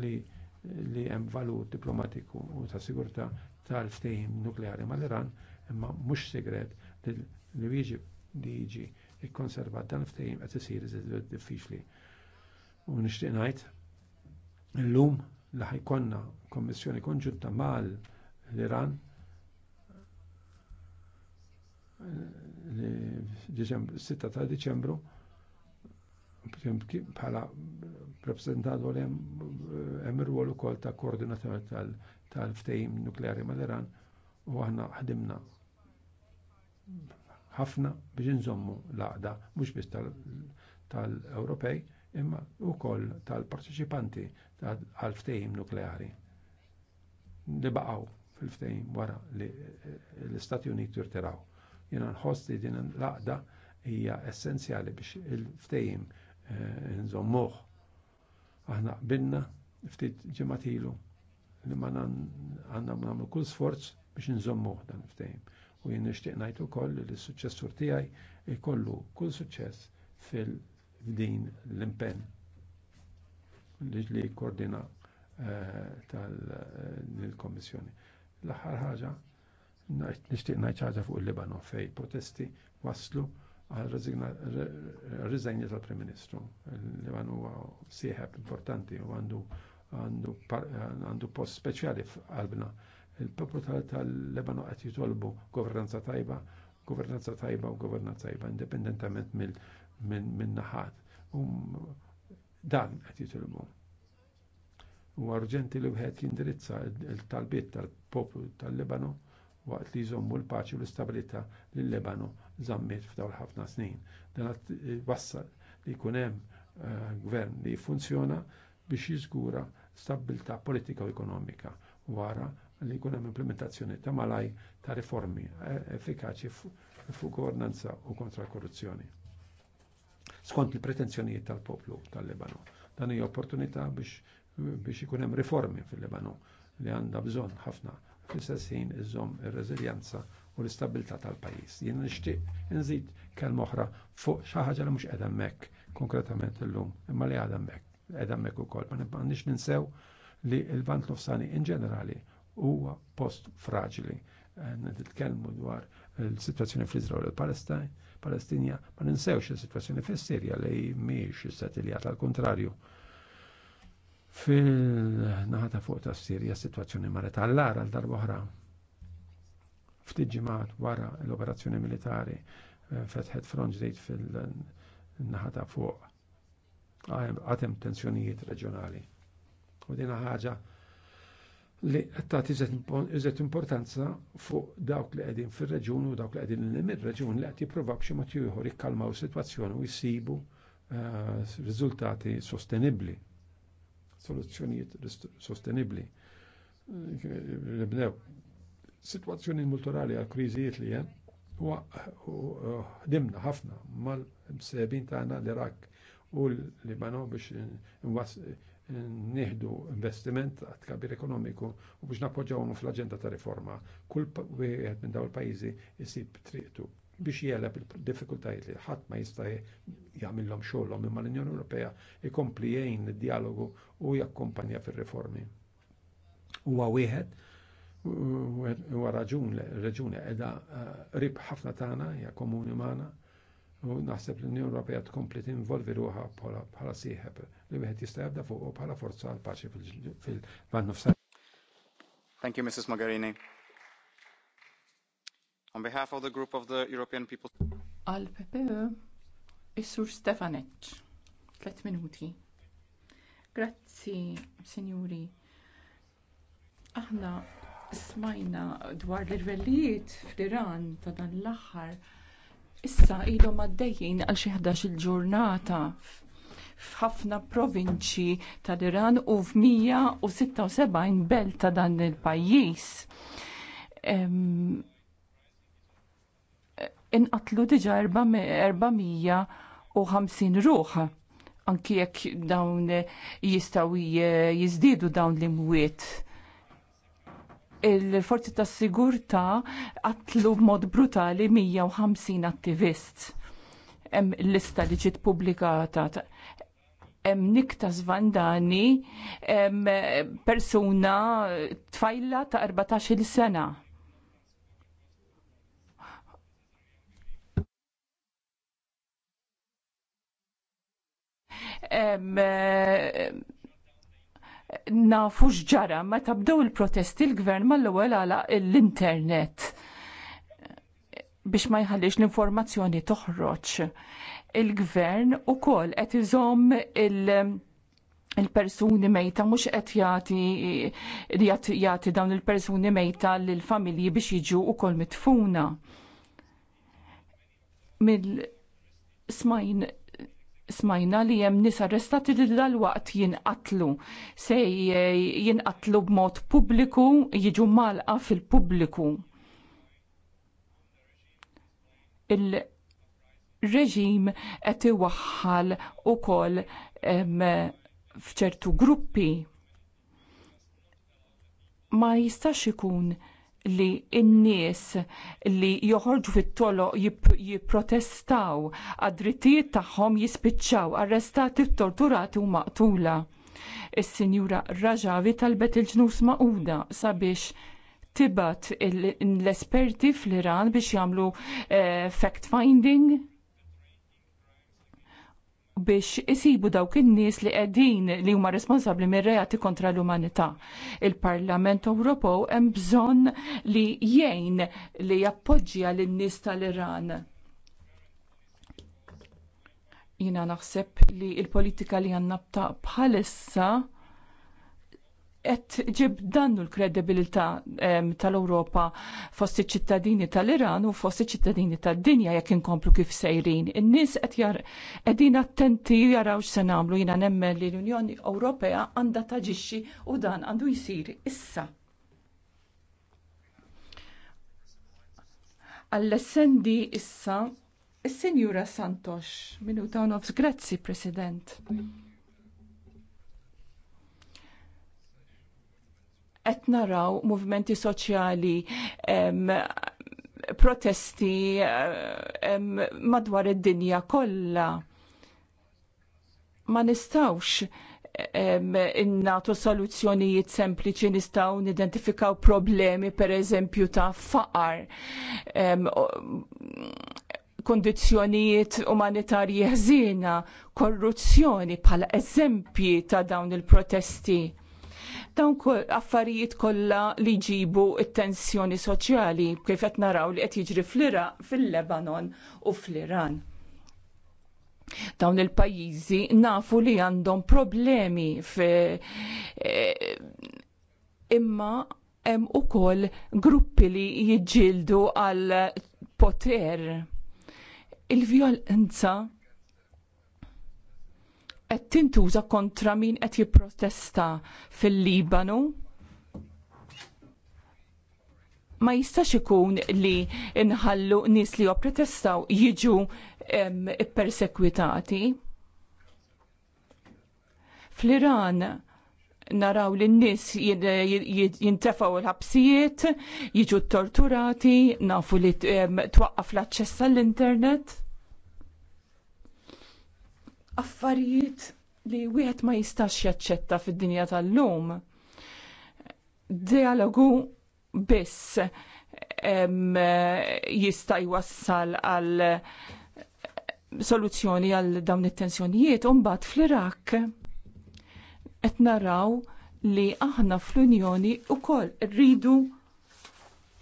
li li hemm valur diplomatiku u ta' sigurtà tal-ftehim nukleari mal-Iran, imma mhux segret li jiġi li jiġi ikkonservat dan ftehim qed isir iżid diffiċli. U nixtieq ngħid illum li ħajkonna kommissjoni konġunta mal l-Iran eh, li 6 ta' Diċembru bħala rappresentantu li hemm ir-rwol ukoll ta' koordinator tal-ftehim nukleari mal-Iran u aħna ħdimna ħafna biex nżommu l-għaqda mhux biss tal-Ewropej imma wkoll tal-parteċipanti tal ftehim nukleari li baqgħu fil-ftehim wara li l-Istati Uniti jirtiraw. Jiena nħossi din l-għaqda hija essenzjali biex il-ftehim Eh, nżommuħ. Aħna qbilna ftit ġematilu li ma għanna namlu kull sforz biex nżommuħ dan ftejm. U jien nixtieq ngħid ukoll li s-suċċessur tiegħi jkollu kull suċċess fil-din l-impenn li koordina eh, tal-komissjoni. Eh, L-aħħar ħaġa, nixtieq ngħid ħaġa fuq il-Libanon fej protesti waslu għal rriżajnja tal-Prim Ministru li għan huwa sieħeb importanti u għandu għandu post speċjali f'qalbna. Il-poplu tal-Lebanu qed jitolbu governanza tajba, governanza tajba u governanza tajba indipendentament mill-naħat. Dan qed jitolbu. U urġenti li wieħed jindirizza il-talbiet tal-poplu tal-Lebanu waqt li jżommu l-paċi u l-istabilità li l-Lebanu żammiet l ħafna snin. Dan eh, wassal li jkun hemm eh, gvern li funzjona biex jiżgura stabilità politika u ekonomika wara li jkun hemm implementazzjoni ta' malaj ta' riformi eh, effikaċi fuq governanza u kontra korruzzjoni. Skont il-pretenzjonijiet tal-poplu tal-Lebanu. Dan hija opportunità biex biex ikun hemm riformi fil-Lebanu li għandha bżonn ħafna fl-istessin iżom ir-reżiljenza u l-istabilità tal-pajjiż. Jien nixtieq nżid kelma oħra fuq xi ħaġa li mhux qiegħda hemmhekk konkretament illum, imma li għadha hemmhekk, qiegħda hemmhekk ukoll. Ma nibqgħniex ninsew li l bant Nofsani in ġenerali huwa post fraġili. Eh, nitkellmu dwar il-sitwazzjoni fl-Iżrael u l palestin Palestinja, ma ninsewx is-sitwazzjoni fis-Sirja li mhijiex is-sateljat, tal kontrarju Fil-naħata fuq ta' Sirja situazzjoni marital għallar għal darba oħra. Ftit ġimgħat wara l-operazzjoni militari eh, fetħet front ġdejt fil-naħata fuq għatem tensjonijiet reġjonali. U dina ħaġa li għattat iżet importanza fuq dawk li għedin fil-reġun u dawk li għedin l-mir-reġun li għed jiprovaw b'xi mod ieħor jikkalmaw situazzjoni u jisibu eh, riżultati sostenibli soluzzjonijiet sostenibli. Li situazzjoni multurali għal kriżijiet li hemm u ħdimna ħafna mal-msebin tagħna l-Irak u l-Libano biex nieħdu investiment għat kabir ekonomiku u biex nappoġġawhom fl-aġenda ta' riforma. Kull wieħed minn dawn il-pajjiżi isib triqtu biex jeleb il-diffikultajiet li ħadd ma jista' jagħmilhom xogħolhom imma l-Unjoni Ewropea ikompli jgħin id-dialogu u jakkumpanja fir-riformi. Huwa wieħed huwa raġun reġuni qiegħda rib ħafna tagħna hija komuni magħna u naħseb l-Unjoni Ewropea tkompli tinvolvi ruħha bħala sieħeb li wieħed jista' jabda fuq bħala forza għal paċi fil-Van Thank you, Mrs. Mogherini. On behalf of the group of the European People. Al PPE, Is-Sur Stefanec, tlet minuti. Grazzi, Sinjuri. Aħna smajna dwar l-irvellijiet fl-Iran ta' dan l-aħħar. Issa ilhom għaddejjin għal xi il ġurnata f'ħafna provinċi tal-Iran u f'176 belt ta' dan il-pajjiż inqatlu diġa 450 ruħa anki jekk dawn jistaw jizdidu dawn l-imwiet il-forzi ta' sigurta qatlu b'mod brutali 150 attivist. Hemm lista li ġiet pubblikata hemm nikta zvandani hemm persuna tfajla ta' 14-il sena nafu x'ġara meta bdew il-protesti l-gvern mal-ewwel għala l-internet biex ma jħallix l-informazzjoni toħroġ. Il-gvern ukoll qed iżomm il- il-persuni mejta mhux qed jagħti jagħti dawn il-persuni mejta lil familji biex jiġu ukoll mitfuna. Mill smajn smajna li hemm nies arrestati li dal-waqt jinqatlu. Se jinqatlu b'mod pubbliku, jiġu malqa fil-pubbliku. Il-reġim qed iwaħħal ukoll f'ċertu gruppi ma jistax ikun li n-nies li joħorġu fit-tolo jipprotestaw għad-drittijiet tagħhom jispiċċaw arrestati torturati u maqtula. Is-Sinjura Raġavi talbet il-ġnus maquda sabiex tibat l-esperti fl-Iran biex jagħmlu eh, fact-finding biex isibu dawk in-nies li qegħdin li huma responsabbli mir-reati kontra l-umanità. Il-Parlament Ewropew hemm bżonn li jgħin li jappoġġja lin-nies tal-Iran. Jina naħseb li l politika li għandna bħalissa qed ġib dannu l-kredibilità ehm, tal-Ewropa fost iċ-ċittadini tal-Iran u fost iċ-ċittadini tad-dinja jekk inkomplu kif sejrin. In-nies qed jar qegħdin attenti jaraw x'se nagħmlu jiena nemmen li l-Unjoni Ewropea għandha taġixxi u dan għandu jsir issa. Għall-essendi issa is-Sinjura Santosh, minuta nofs, grazzi President. qed naraw movimenti soċjali protesti madwar id-dinja kollha. Ma nistawx innatu soluzzjonijiet sempliċi nistaw nidentifikaw problemi per eżempju ta' faqar kondizjonijiet umanitarji ħżina, korruzzjoni bħala eżempji ta' dawn il-protesti. Dawn affarijiet kollha li jġibu t-tensjoni soċjali kif qed naraw li qed jiġri fl-Iraq, fil-Lebanon u fl-Iran dawn il-pajjiżi nafu li għandhom problemi fi eh, imma hemm ukoll gruppi li jiġġieldu għal poter il-vjolenza qed tintuża kontra min qed jipprotesta fil-Libanu. Ma jistax ikun li nħallu nies li jopprotestaw jiġu persekwitati. Fl-Iran naraw li n-nis jintefaw l-ħabsijiet, jiġu torturati, nafu li twaqqaf l-aċċess għall-internet affarijiet li wieħed ma jistax jaċċetta fid-dinja tal-lum. Dialogu biss jista' jwassal għal eh, soluzzjoni għal dawn it-tensjonijiet u mbagħad fl-Irak qed naraw li aħna fl-Unjoni wkoll rridu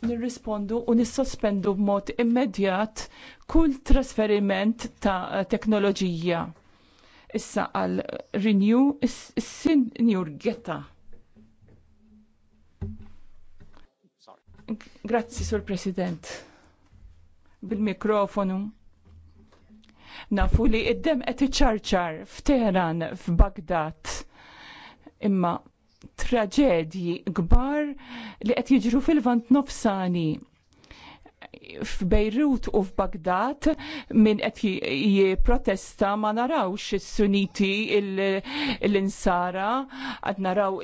nirrispondu u nissospendu b'mod immedjat kull trasferiment ta' teknoloġija issa għal Renew, is-Sinjur Getta. Grazzi, Sur President. Bil-mikrofonu. Nafu li id-dem qed iċarċar f'Teheran, f'Bagdad. Imma traġedji kbar li qed jiġru fil-vant nofsani f'Bejrut u f'Bagdad min qed jipprotesta ma narawx is-Suniti l-insara qed naraw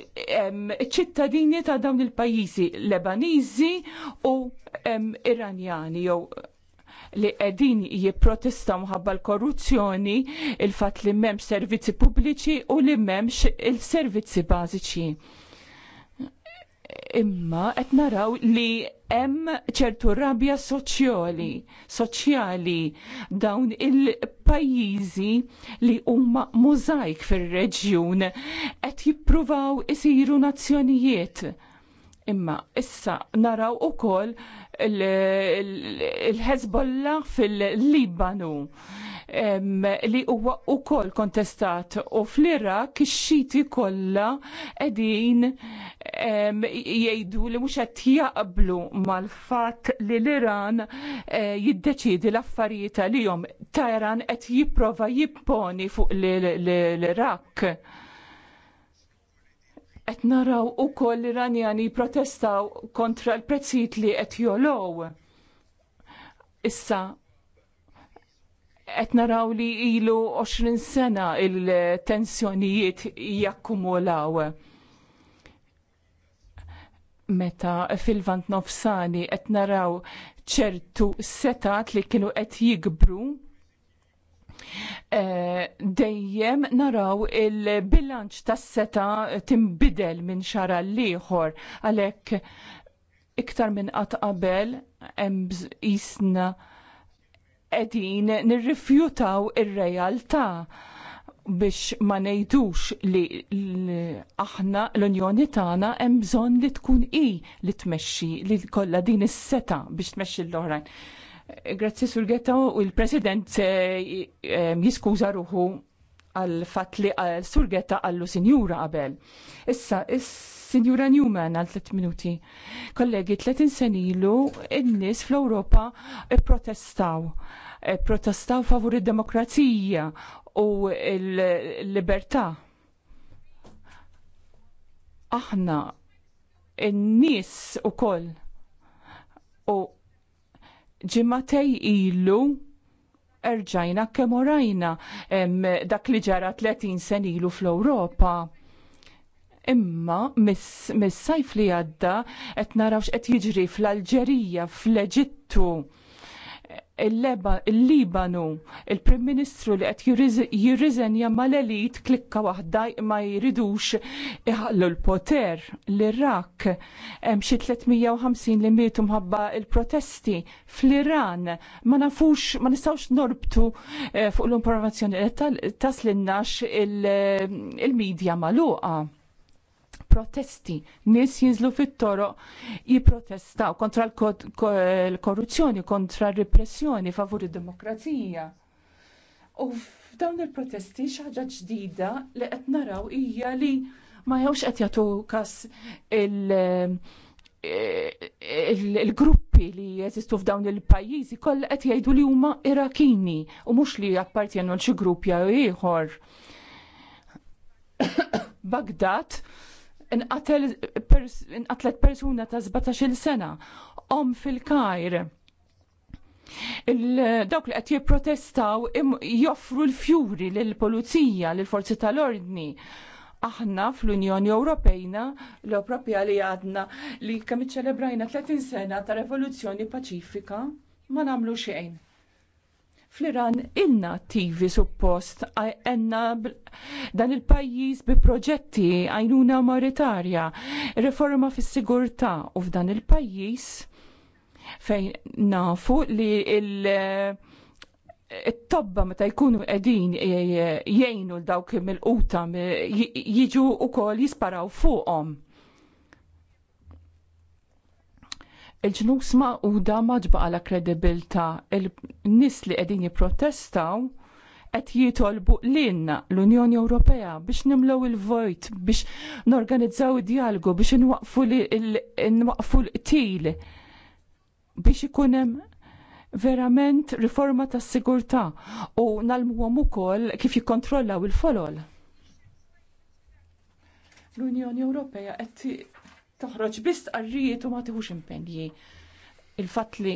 ċittadini ta' dawn il-pajjiżi Lebaniżi u Iranjani jew li qegħdin jipprotestaw mħabba l-korruzzjoni il-fatt li m'hemmx servizzi pubbliċi u li m'hemmx il-servizzi bażiċi imma qed naraw li hemm ċertu rabja soċjali, soċjali dawn il-pajjiżi li huma mużajk fir-reġjun qed jippruvaw isiru nazzjonijiet. Imma issa naraw ukoll il-Hezbollah fil-Libanu li huwa ukoll kontestat u fl-Irak ix-xiti kollha qegħdin jgħidu li mhux qed jaqblu mal-fatt li l-Iran eh, jiddeċidi l-affarijiet għalihom. Tajran qed jipprova jipponi fuq l-Irak qed naraw ukoll l-Iranjani protestaw kontra l-prezzijiet li qed jolow. Issa qed naraw li ilu 20 sena il-tensjonijiet jakkumulaw. Meta fil-vant nofsani qed naraw ċertu setat li kienu qed jikbru eh, dejjem naraw il-bilanċ tas seta timbidel minn xara liħor għalek għalhekk iktar minn qatt qabel hemm jisna qegħdin nirrifjutaw ir-realtà biex ma nejdux li, aħna l-Unjoni tagħna hemm bżonn li tkun i li tmexxi li kollha din is-seta biex tmexxi l-oħrajn. Grazzi Getta u l-President ehm, jiskuża ruħu għal fatt li Surgetta għallu sinjura qabel. Issa, issa Sinjura Newman għal 3 minuti. Kollegi, 30 senilu il nies fl-Ewropa protestaw. Protestaw favur id-demokrazija u l-libertà. Aħna in-nies ukoll u ġimatej ilu erġajna kemm orajna dak li ġara 30 sen ilu fl-Ewropa Imma mis-sajf li għadda qed narawx qed jiġri fl-Alġerija, fl-Eġittu, il-Libanu, il-Prim Ministru li qed jirriżenja mal-elit klikka waħda ma jridux iħallu l-poter l-Irak. Hemm xi 350 li mietu mħabba il-protesti fl-Iran. Ma nafux, ma nistgħux norbtu eh, fuq l-informazzjoni taslinnax il-medja il magħluqa protesti. Nis jinżlu fit-toroq jipprotestaw kontra l-korruzzjoni, kontra r-repressjoni, favur id-demokrazija. U f'dawn il-protesti xaġa ġdida li qed naraw hija li ma jawx qed jagħtu kas il-gruppi li jeżistu f'dawn il-pajjiżi kollha qed jgħidu li huma Irakini u mhux li appartjenu xi grupp jew ieħor. Bagdad inqatlet persuna ta' 17-il sena, om fil-kajr. Dawk li qed jipprotestaw joffru l-fjuri lill-pulizija, lill-forzi tal-ordni aħna fl-Unjoni Ewropejna l-Ewropja li għadna li kemm iċċelebrajna 30 sena ta' rivoluzzjoni paċifika ma nagħmlu xejn. Fl-Iran inna attivi suppost, għenna dan il-pajjiż bi proġetti għajnuna maritarja, reforma fis sigurtà u f'dan il-pajjiż fejn nafu li il- it-tobba meta jkunu qegħdin e- e- jgħinu l-dawk mill-quta jiġu wkoll jisparaw fuqhom il-ġnus maquda maġbaqala kredibilta il-nis li qegħdin jipprotestaw qed jitolbu lilna l-Unjoni Ewropea biex nimlew il-vojt, biex norganizzaw dialogu, biex nwaqfu l til biex ikun hemm verament riforma tas-sigurtà u nalmuhom ukoll kif jikkontrollaw il-folol. L-Unjoni Ewropea qed toħroġ biss qarrijiet u ma tieħux impenji. Il-fatt li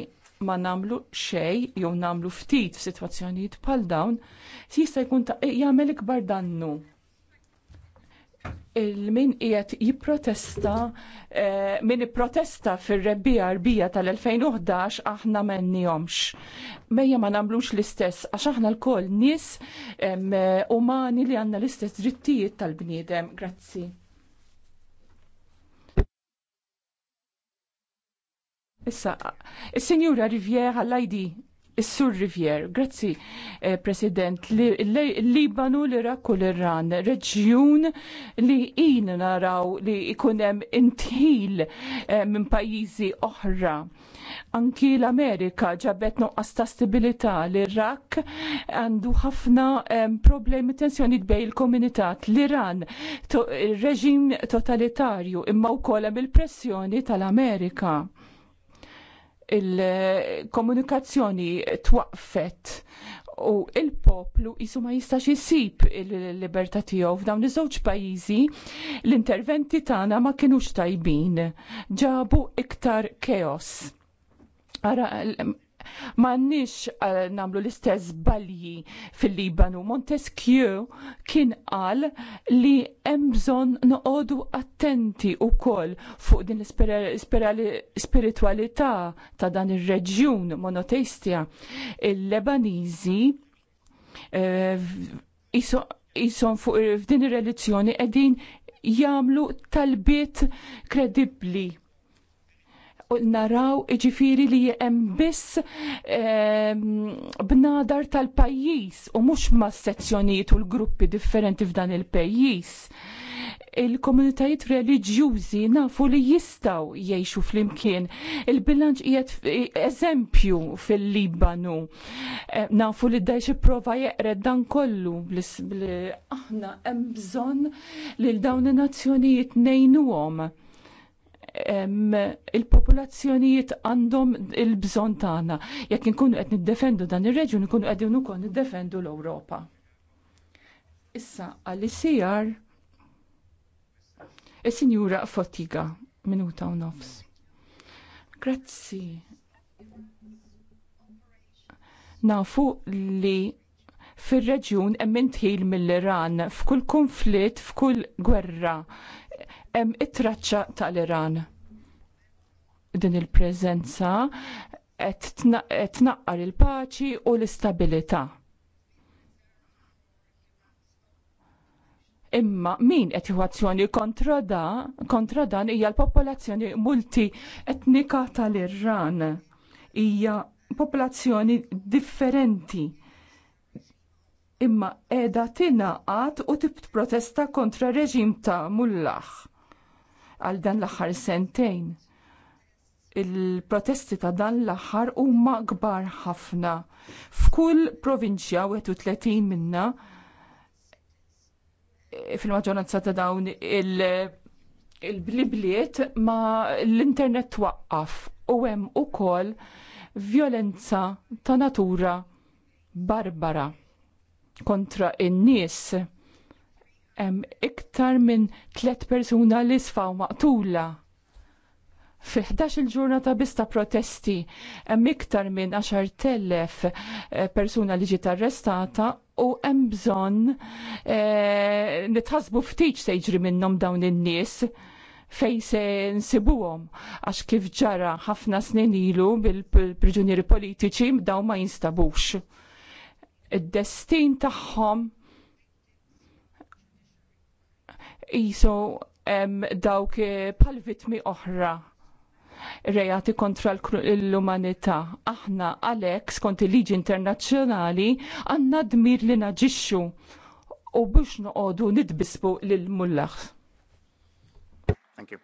ma namlu xej jew namlu ftit f'sitwazzjonijiet bħal dawn jista' jkun ta' jagħmel ikbar dannu. Il-min qiegħed jipprotesta eh, min ipprotesta fir-rebbija rbija tal-2011 aħna m'għennihomx. Mejja ma nagħmlux l-istess għax aħna lkoll nies umani li għandna l-istess drittijiet tal-bniedem. Grazzi. Issa, il-Senjura Rivier għall lajdi il-Sur Rivier, grazzi, eh, President, l-Libanu, li, l-Iraq u l-Iran, reġjun li in naraw li ikunem intil eh, minn pajizi oħra. Anki l-Amerika ġabet nuqqas ta' stabilità l-Irak għandu ħafna eh, problemi tensjoni bej il-komunitat l-Iran, il-reġim totalitarju imma wkoll hemm il-pressjoni tal-Amerika il-komunikazzjoni twaqfet u il-poplu jisu ma jistax jisib il-libertà tiegħu f'dawn iż-żewġ pajjiżi l-interventi tagħna ma kinux tajbin. Ġabu iktar keos. Ara Mannix uh, eh, namlu l-istess balji fil-Libanu. Montesquieu kien qal li hemm bżonn noqogħdu attenti wkoll fuq din l-spiritualità ta' dan ir-reġjun il monoteistja. Il-Lebaniżi uh, eh, fuq din ir-relizzjoni qegħdin jagħmlu talbiet kredibbli naraw ġifiri li hemm biss ehm, bnadar tal-pajjiż u mhux ma' sezzjonijiet u l-gruppi differenti f'dan il-pajjiż. Il-komunitajiet reliġjużi nafu li jistaw jgħixu fl-imkien. Il-bilanċ qiegħed eżempju fil-Libanu. E, nafu li dajx prova jeqred dan kollu aħna hemm bżonn lil dawn in-nazzjonijiet ngħinuhom il-popolazzjonijiet għandhom il-bżon tagħna. Jekk inkunu qed niddefendu dan ir-reġjun ikunu qegħdin ukoll niddefendu l-Ewropa. Issa għall-ICR is-Sinjura Fotiga minuta u nofs. Grazzi. Nafu li fir-reġjun hemm intħil mill-Iran f'kull konflitt, f'kull gwerra hemm it-traċċa tal-Iran. Din il-preżenza qed tnaqqar il-paċi u l-istabilità. Imma min qed jieħu kontra da, kontra dan hija l-popolazzjoni multietnika tal-Iran. Hija popolazzjoni differenti. Imma qiegħda tingħaqad u tibt protesta kontra reġim ta' mullah għal dan l-aħħar sentejn. Il-protesti ta' dan l-aħħar huma kbar ħafna. F'kull provinċja 30 minna fil-maġġoranza ta' dawn il-blibliet ma l-internet twaqqaf u hemm ukoll vjolenza ta' natura barbara kontra in-nies hemm iktar minn tliet persuna li sfaw maqtula. Fi 11 il-ġurnata bista protesti hemm iktar minn 10,000 eh, persuna li ġiet arrestata u hemm bżonn e, nitħasbu ftit se jiġri minnhom dawn in-nies fej se nsibuhom għax kif ġara ħafna snin ilu bil-priġunieri politiċi dawn ma jinstabux. Id-destin tagħhom jisu dawk eh, pal vitmi oħra rejati kontra l-umanità. Aħna Alex, skont il-liġi internazzjonali għanna dmir li naġixxu u biex noqogħdu nidbisbu lil mullax Thank you.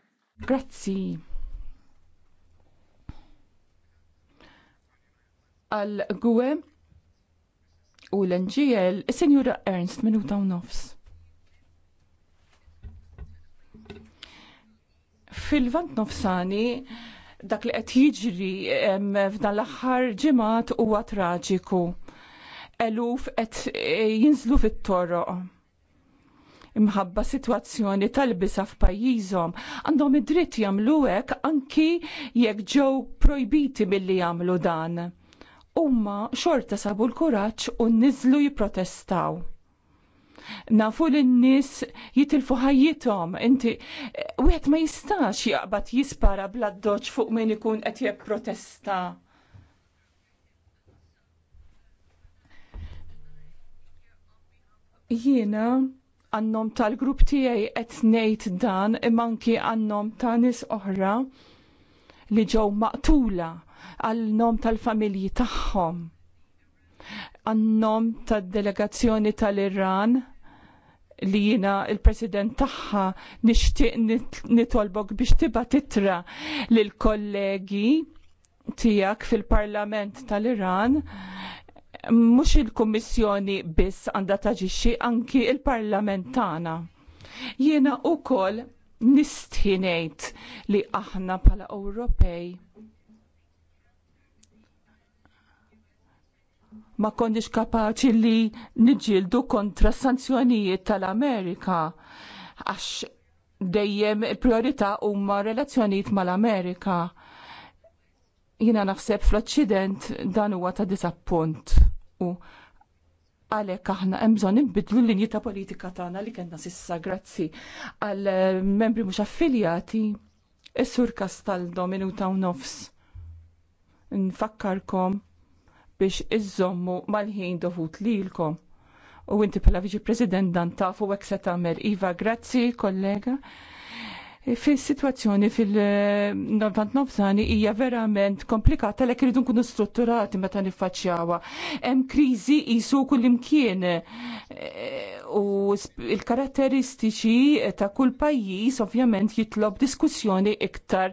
Grazzi. Għal Gwe u l-NGL, Senjura Ernst, minuta u nofs. Fil-vant nofsani, dak li qed jiġri f'dan l-aħħar ġimgħat huwa traġiku. Eluf qed eh, jinżlu fit-toroq. Imħabba sitwazzjoni tal-bisa f'pajjiżhom għandhom id-dritt jagħmlu hekk anki jekk ġew projbiti milli jagħmlu dan. Umma xorta sabu l-kuraġġ u niżlu jipprotestaw Nafu l-nis jitilfu ħajjithom. Inti, wieħed ma jistax jaqbad jispara bla doċ fuq min ikun qed protesta. Jiena għannom tal-grupp tiegħi qed ngħid dan imma anke għannom ta' nies oħra li ġew maqtula għal-nom tal-familji tagħhom għannom tad delegazzjoni tal-Iran li jina il-president taħħa nishtiq nitolbok biex tiba titra l-kollegi tijak fil-parlament tal-Iran mux il-kommissjoni biss għanda taġiċi anki il-parlament tana. Jena u kol nistħinejt li aħna pala Ewropej ma konniex kapaċi li niġildu kontra sanzjonijiet tal-Amerika għax dejjem il-priorità huma relazzjonijiet mal-Amerika. Jina naħseb fl-Occident dan huwa ta' disappunt u għalek aħna emżon nbidlu l-linji ta' politika tagħna li kellna sissa grazzi għal membri mhux affiljati is-sur Castaldo minuta u nofs. Nfakkarkom biex iżommu mal-ħin dovut lilkom. U inti pala viċi president dan tafu għek se tamer. Iva, grazzi kollega. Fis-sitwazzjoni fil 99 sani hija verament komplikata l rridu nkunu strutturati meta niffaċċjawha. Hemm kriżi qisu imkien eh, u il-karatteristiċi ta' kull pajjiż ovvjament jitlob diskussjoni iktar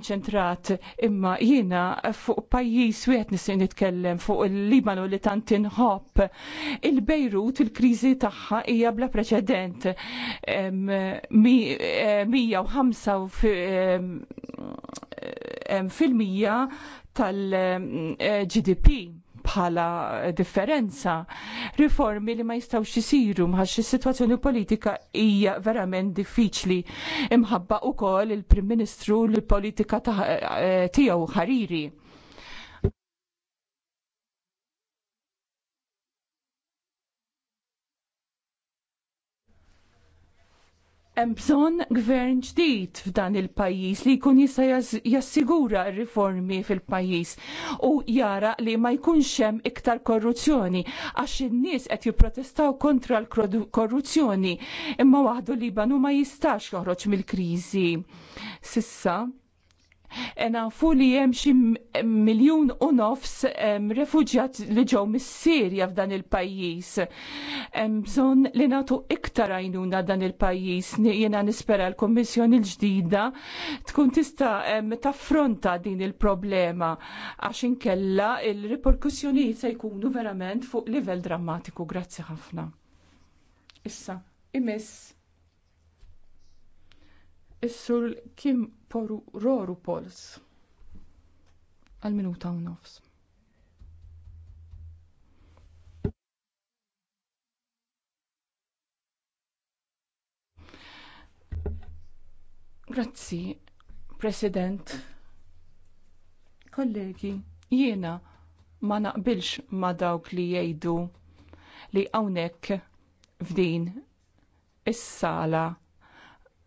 ċentrat imma jiena fuq pajjiż wieħed nistgħu nitkellem fuq il-Libanu li tant inħobb. Il-Bejrut il-kriżi tagħha hija bla preċedent. Mi eh, 105 fil-mija tal-GDP bħala differenza. Riformi li ma jistawx jisiru mħax is-sitwazzjoni politika hija verament diffiċli imħabba ukoll il-Prim Ministru l-politika eh, tiegħu ħariri Hemm bżonn gvern ġdid f'dan il-pajjiż li jkun jista' jassigura r-riformi fil-pajjiż u jara li ma jkunx hemm iktar korruzzjoni għax in-nies qed jipprotestaw kontra l-korruzzjoni imma waħdu Libanu ma jistax joħroġ mill-kriżi. Sissa Eh, fu li hemm xi miljun u nofs refuġjat li ġew mis-Sirja f'dan il-pajjiż. Hemm bżonn li nagħtu iktar għajnuna dan il-pajjiż. Jiena nispera l-Kummissjoni l-ġdida tkun tista' taffronta din il-problema għax inkella il-riperkussjonijiet se jkunu verament fuq livell drammatiku. Grazzi ħafna. Issa, imiss. is Kim poru roru pols għal minuta u nofs. Grazzi, President. Kollegi, jiena ma naqbilx ma dawk li jgħidu li hawnhekk f'din is-sala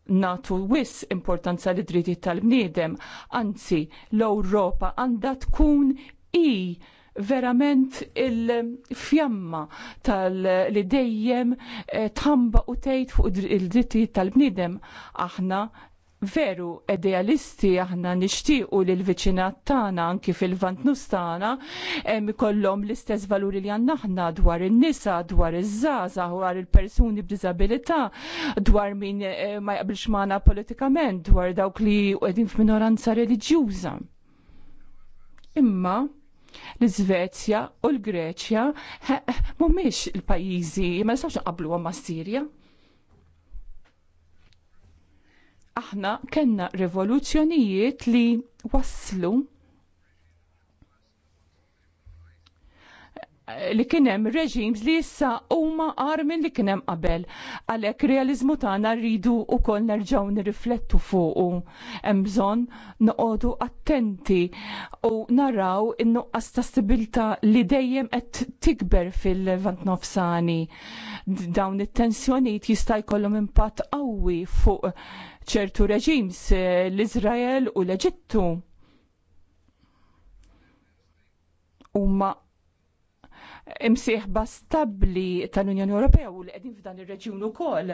natu wis importanza li dritti tal-bniedem, anzi l-Ewropa għandha tkun i verament il-fjamma tal-li dejjem eh, tamba u tgħid fuq il-dritti tal-bniedem. Aħna veru idealisti aħna nixtiequ li l-viċinat tagħna anki fil-vant tagħna hemm ikollhom l-istess valuri li għandna aħna dwar in-nisa, dwar iż-żgħażagħ, dwar il-persuni b'diżabilità, dwar min eh, ma jaqbilx magħna politikament, dwar dawk li qegħdin f'minoranza reliġjuża. Imma l-Svezja u l-Greċja eh, eh, mhumiex il-pajjiżi ma nistgħux nqablu ma' Sirja aħna kellna rivoluzzjonijiet li wasslu li kienem reġims li issa huma qar minn li kienem qabel. Għalhekk realizmu tagħna rridu wkoll nerġgħu nirriflettu fuqu. Hemm bżonn noqogħdu attenti u naraw in-nuqqas ta' stabilità li dejjem qed tikber fil-Levant Nofsani. Dawn it-tensjonijiet jista' jkollhom impatt qawwi fuq ċertu reġims eh, l-Iżrael u l-Eġittu. Huma imsieħba stabbli tal-Unjoni Ewropea u li qegħdin f'dan ir-reġjun ukoll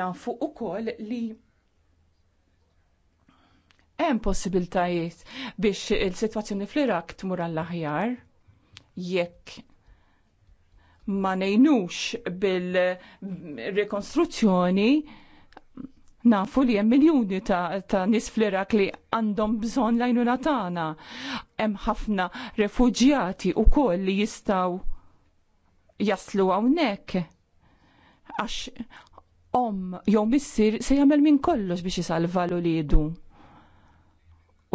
nafu ukoll li hemm possibiltajiet biex il-sitwazzjoni fl-Irak tmur għall-aħjar jekk ma nejnux bil-rekonstruzzjoni nafu li hemm miljuni ta', ta nies fl-Irak li għandhom bżonn lajnu tagħna. Hemm ħafna refuġjati wkoll li jistgħu jaslu hawnhekk. Għax om jew missier se jagħmel minn kollox biex isalva l-uliedu.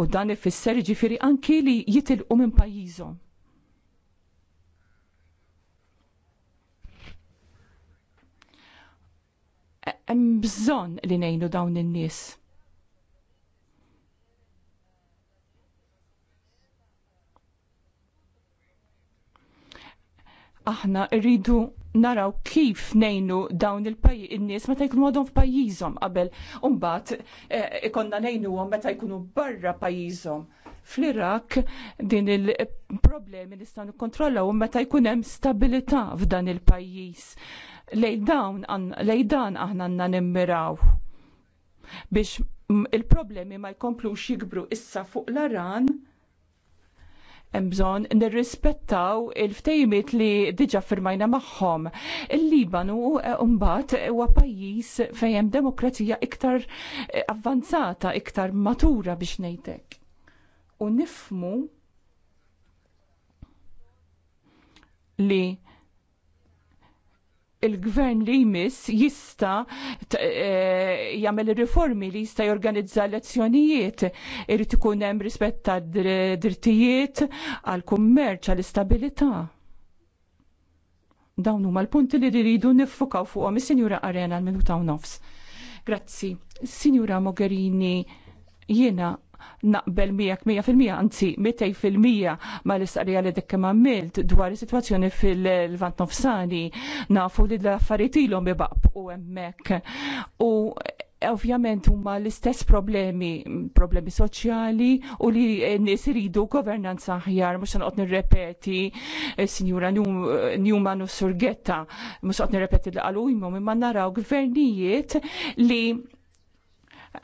U dan ifisser ġifieri anki li jitilqu minn pajjiżhom. hemm bżonn li ngħinu dawn in-nies. aħna rridu naraw kif nejnu dawn il-pajjiż in-nies meta jkunu għadhom f'pajjiżhom qabel mbagħad eh, ikonna nejnuhom meta jkunu barra pajjiżhom. Fl-Irak din il-problemi nistgħu nikkontrollaw meta jkun hemm stabilità f'dan il-pajjiż lej dan aħna għandna nimmiraw biex il-problemi ma jkomplux jikbru issa fuq l-aran hemm bżonn nirrispettaw il-ftejmiet li diġa firmajna magħhom. Il-Libanu eh, mbagħad huwa pajjiż fejn hemm demokrazija iktar eh, avvanzata, iktar matura biex ngħidlek. U nifmu li il-gvern li jmiss jista eh, jagħmel riformi li jista jorganizza elezzjonijiet, irid ikun hemm rispett ta' drittijiet għal kummerċ għall istabilità. Dawn huma l-punti li rridu niffukaw fuqhom is-Sinjura Arena l-minuta u nofs. Grazzi. Sinjura Mogherini, jiena naqbel 100% anzi 200% ma l istarija li dik milt dwar is-sitwazzjoni fil-Levant Nofsani nafu li l-affarijiet ilhom ibaqq u hemmhekk. U ovvjament huma l-istess problemi, problemi soċjali u li nies iridu governanza aħjar, mhux qed nirrepeti eh, sinjura Newman u Surgetta, mhux qed nirrepeti l qalu imhom imma naraw gvernijiet li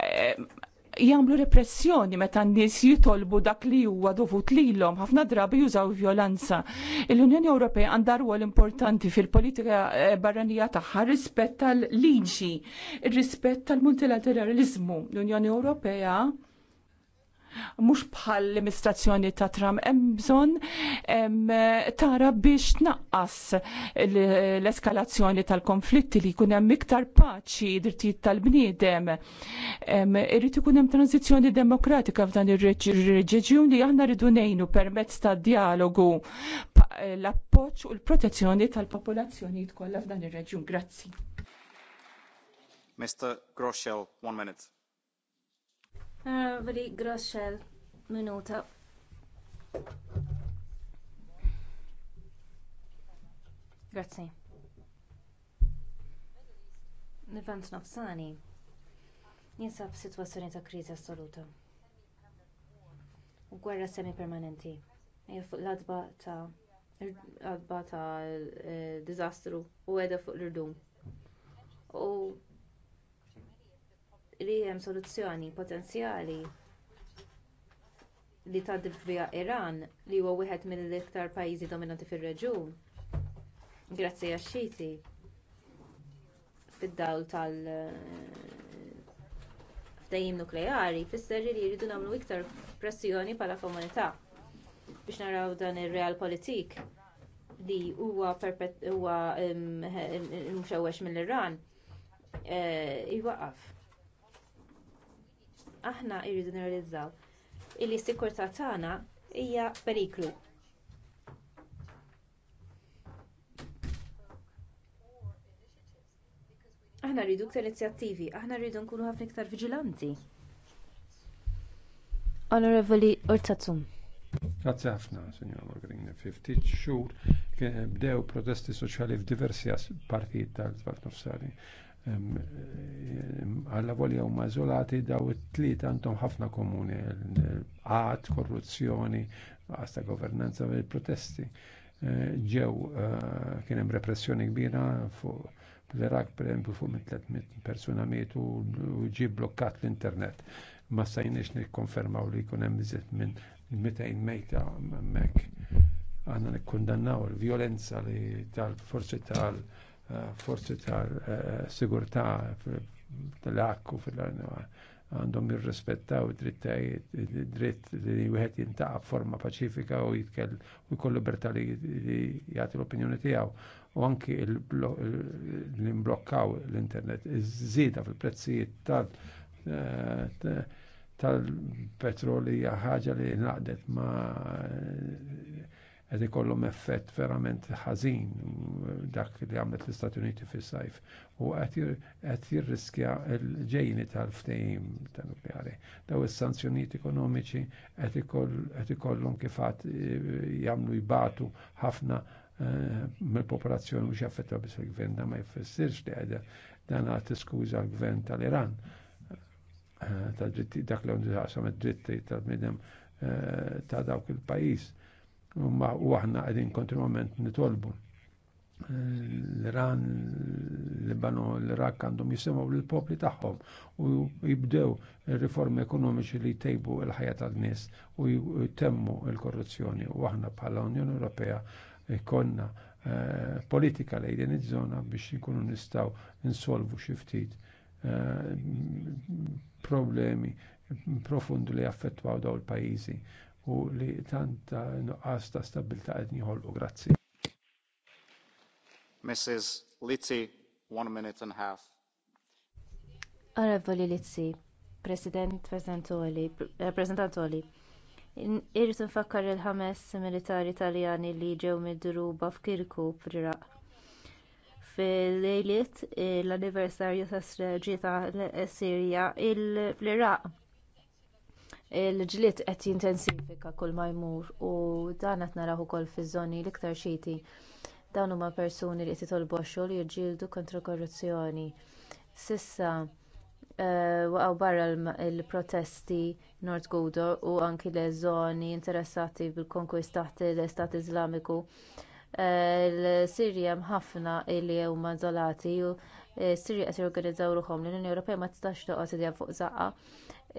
eh, jagħmlu repressjoni meta n-nies jitolbu dak li huwa dovut lilhom ħafna drabi jużaw violanza. L-Unjoni Ewropea għandha rwol importanti fil-politika eh, barranija tagħha rispett tal-liġi, rispett tal-multilateralizmu. L-Unjoni Ewropea mhux bħal l imistrazzjoni ta' tram hemm bżonn tara biex tnaqqas l-eskalazzjoni tal-konflitti li jkun hemm iktar paċi drittijiet tal-bniedem. Irid ikun hemm demokratika f'dan ir-reġjun li aħna rridu ngħinu permezz ta' dialogu l-appoġġ u l-protezzjoni tal-popolazzjonijiet kollha f'dan ir-reġjun. Grazzi. Mr. Groschel, one minute. Veli Groschel, minuta. Grazzi. Nivant nofsani jinsab situazzjoni ta' krizi assoluta. U gwerra semi-permanenti. fuq l-adba ta' l-adba ta' eh, diżastru u edha fuq l-irdum. U li hemm soluzzjoni potenzjali li tgħaddi Iran li huwa wieħed mill-iktar pajjiżi dominanti fir-reġjun grazzi għax-Xiti fid-dawl tal- ftajim nukleari fisser li jridu nagħmlu iktar pressjoni bħala komunità biex naraw dan ir-realpolitik li huwa huwa mxewwex mill-Iran eh, iwaqaf aħna jridu nirrealizzaw illi s-sikurtà tagħna hija periklu. Aħna rridu iktar inizjattivi, aħna rridu nkunu ħafna iktar viġilanti. Onorevoli Ortatum. Grazie ħafna, signor Mogherini. 50 xhur bdew protesti soċjali f'diversi partijiet tal-Zvat Nofsari għalla volja u mażolati daw it-tliet għandhom ħafna komuni, għad, korruzzjoni, għasta governanza u protesti. Eh, ġew eh, kien hemm repressjoni kbira fuq l-Irak per esempio fuq minn 300 persuna mietu u ġi blokkat l-internet. Ma stajniex nikkonfermaw li jkun hemm iżet minn 200 mejta mek. Għanna nikkundannaw il-violenza li tal-forsi tal-, -forsi tal forzi ta' eh, sigurtà tal-akku fil-arnua għandhom jirrespetta u drittajiet dritt li wieħed jintaqa' forma paċifika u jitkell u jkollu libertà li jagħti l-opinjoni tiegħu u anki li mblokkaw l-internet iż-żieda fil-prezzijiet tal eh, petrolija ħaġa li naqdet ma' qed ikollhom effett verament ħażin dak li għamlet l-Istati Uniti fis-sajf u qed jirriskja l-ġejni tal-ftehim ta' nukleari. Daw is-sanzjonijiet ekonomiċi qed ikollhom kif e, jagħmlu jbatu ħafna e, mill-popolazzjoni mhux jaffettwa biss il-gvern da ma jfissirx li qiegħda dan għad iskuża l-gvern tal-Iran e, tal-dritti dak li għandu id-dritti tal-bnidem ta' dawk il-pajjiż u aħna qegħdin kontinuament nitolbu. L-Iran, l-Libano, l-Irak għandhom jisimaw l-popli tagħhom u jibdew riformi ekonomiċi li jtejbu l-ħajja tal-nies u jtemmu l-korruzzjoni u aħna bħala Unjoni Ewropea ikonna eh, politika lejn din iż-żona biex nkunu nistgħu nsolvu xi ftit eh, problemi profundi li affettwaw daw il-pajjiżi u li tanta nuqqas ta' stabilta' qed jħolqu. Grazzi. Mrs. Lizzi, one minute and a half. Onorevoli Lizzi, President Presentantoli, irrid nfakkar il-ħames militari Italjani li ġew midruba f'Kirkuk fl-Iraq fil-lejliet l-anniversarju tas-traġita sirja fl-iraq il-ġlied qed jintensifika kull ma jmur u dan qed naraw ukoll fiż-żoni l-iktar xiti. Dawn huma persuni li qed itolbu għax-xogħol jiġġieldu kontra korruzzjoni. S'issa eh, waqgħu barra l-protesti North Gudo u anki l-żoni interessati bil-konkwist taħt l-Istat Iżlamiku eh, l-Sirja ħafna li huma żolati u s-Sirja eh, qed jorganizzaw ruħhom l-Unjoni Ewropea ma tistax toqgħod idea fuq żaqqa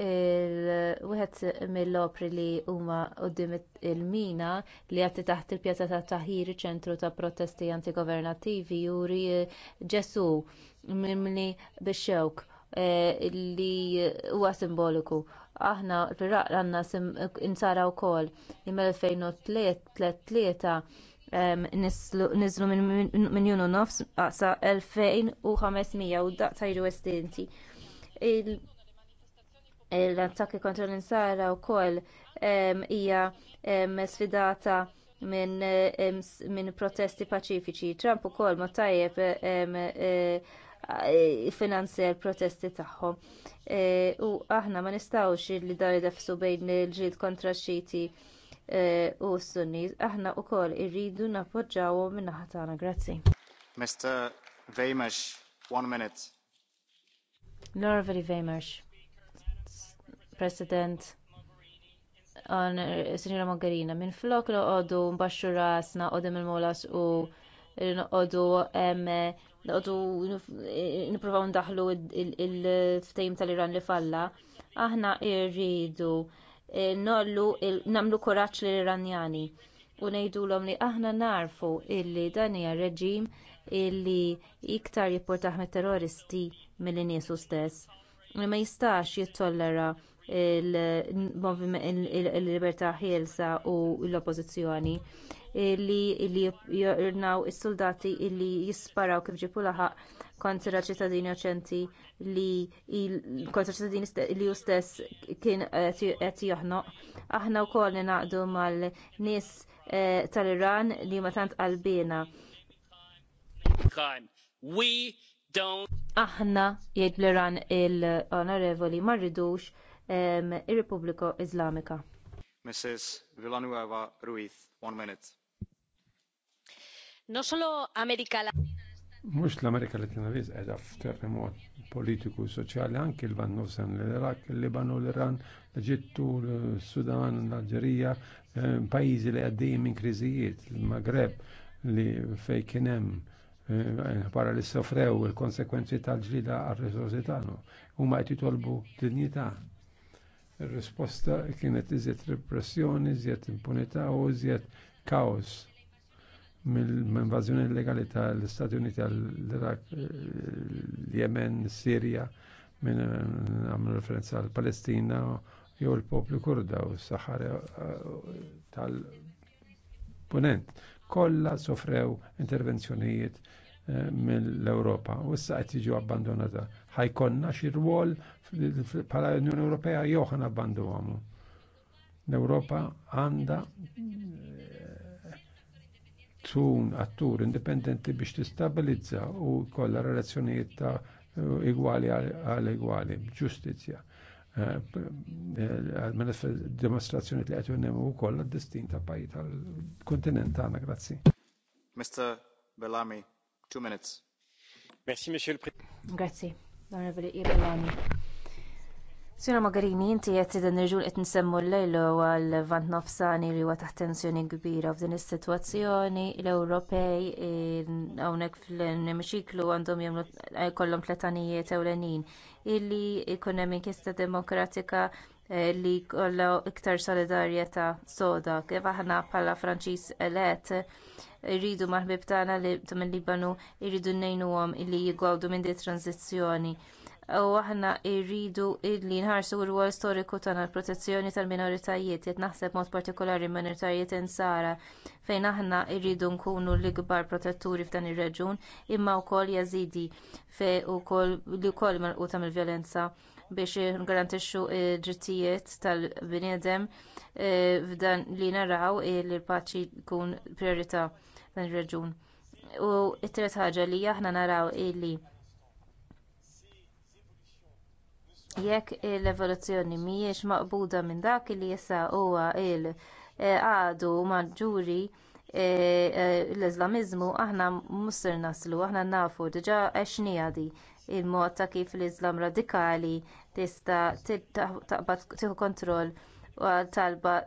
il-wieħed mill-opri li huma quddiem il-mina li għati taħt il-pjazza ta' taħir ċentru ta' protesti antigovernattivi juri eh, ġesu mimli bix eh, li huwa simboliku. Aħna fir-raq għandna insara wkoll li mill-2003 niżlu minn junu nofs qasa 2500 u daqsa jru estinti l-attakki kontra l-insara wkoll hija sfidata minn protesti paċifiċi. Trump ukoll ma tajjeb eh, finanzja l-protesti tagħhom. Eh, u aħna ma nistgħux li dar idefsu bejn il-ġid kontra xiti eh, u s-sunni. Aħna wkoll irridu nappoġġawhom min naħa tagħna. Grazzi. Mr. Vejmesh, one minute. Norveri Vejmesh. President Sinjora Mogherina minn flok li għodu mbaxxu rasna għodem il-molas u għodu għodu niprofaw ndaħlu il-ftejm tal-Iran li falla. Aħna irridu eh, nollu namlu koraċ li l-Iranjani u ngħidulhom li aħna narfu illi dan hija reġim illi iktar jipportaħ terroristi milli niesu stess li ma jistax jittollera il-libertà ħielsa u l-oppożizzjoni li jirnaw is-soldati li jisparaw kif ġipu laħaq kontra ċittadini oċenti li kontra ċittadini li ju stess kien qed joħnoq. Aħna wkoll ninaqdu mal-nies eh, tal-Iran li ma tant qalbina. Aħna jgħid l-Iran il-onorevoli ma rridux ir-Repubblika Iżlamika. Mrs. Villanueva Ruiz, one minute. No solo America Latina. Mux l-Amerika Latina biz edha f f'terremot politiku soċjali anki l-Van Nofsen l-Irak, l-Libanu, l-Iran, l-Ġittu, l-Sudan, l-Alġerija, pajizi li għaddejjem minn krizijiet, l-Magreb li fej kienem para li sofrew il-konsekwenzi tal-ġlida għal-resursi no Huma qed jitolbu t-dinjita, Ir-risposta kienet iżjed repressjoni, iżjed impunità u iżjed kaos mill-invażjoni illegali tal-Istati Uniti għall-Iraq, l-Yemen, Sirja, minn għamlu referenza għall-Palestina jew il-poplu kurda u s-Sahara uh, tal-Punent. Kollha sofrew intervenzjonijiet mill-Europa. U issa qed jiġu abbandonata. Ħajkonna xi rwol bħala l Unjoni Ewropea jew ħan abbandonamu. L-Europa għandha eh, tun attur indipendenti biex tistabilizza u kollha relazzjonijiet ta' igwali għal igwali, ġustizja. Eh, eh, Demonstrazzjoni li għetu nemu u kollha distinta destin ta' pajit għal kontinent għana, grazzi. Mr. Bellamy, Two minutes. Merci, Monsieur le Président. Grazie, Sina Magarini, inti qed dan ir qed nsemmu l-lejlu għal vant nofsani li huwa taħt tensjoni kbira f'din is-sitwazzjoni l-Ewropej hawnhekk fil-nemiċiklu għandhom jagħmlu eh, kollhom tletanijiet ewlenin illi jkun hemm inkjesta demokratika eh, li jkollha iktar solidarjetà soda kif aħna bħala Franċiż elett rridu maħbib tagħna li ta' mill-Libanu irridu ngħinuhom illi jigwawdu minn di transizzjoni. U aħna rridu illi nħarsu r-rwol storiku tagħna l-protezzjoni tal-minoritajiet qed naħseb mod partikolari minoritajiet insara fejn aħna rridu nkunu l-ikbar protetturi f'dan ir-reġun imma wkoll jażidi fej ukoll li wkoll malquta mill-vjolenza biex ngarantixxu d-drittijiet tal-bniedem eh, f'dan li naraw li l-paċi jkun priorità dan ir U t-tret ħaġa li aħna naraw illi jekk l-evoluzzjoni mhijiex maqbuda minn dak li issa huwa il għadu maġġuri e, e, l-Iżlamiżmu aħna musser naslu, aħna nafu diġà għexnija di il-mod ta' kif l-Iżlam radikali tista' taqbad tieħu kontroll talba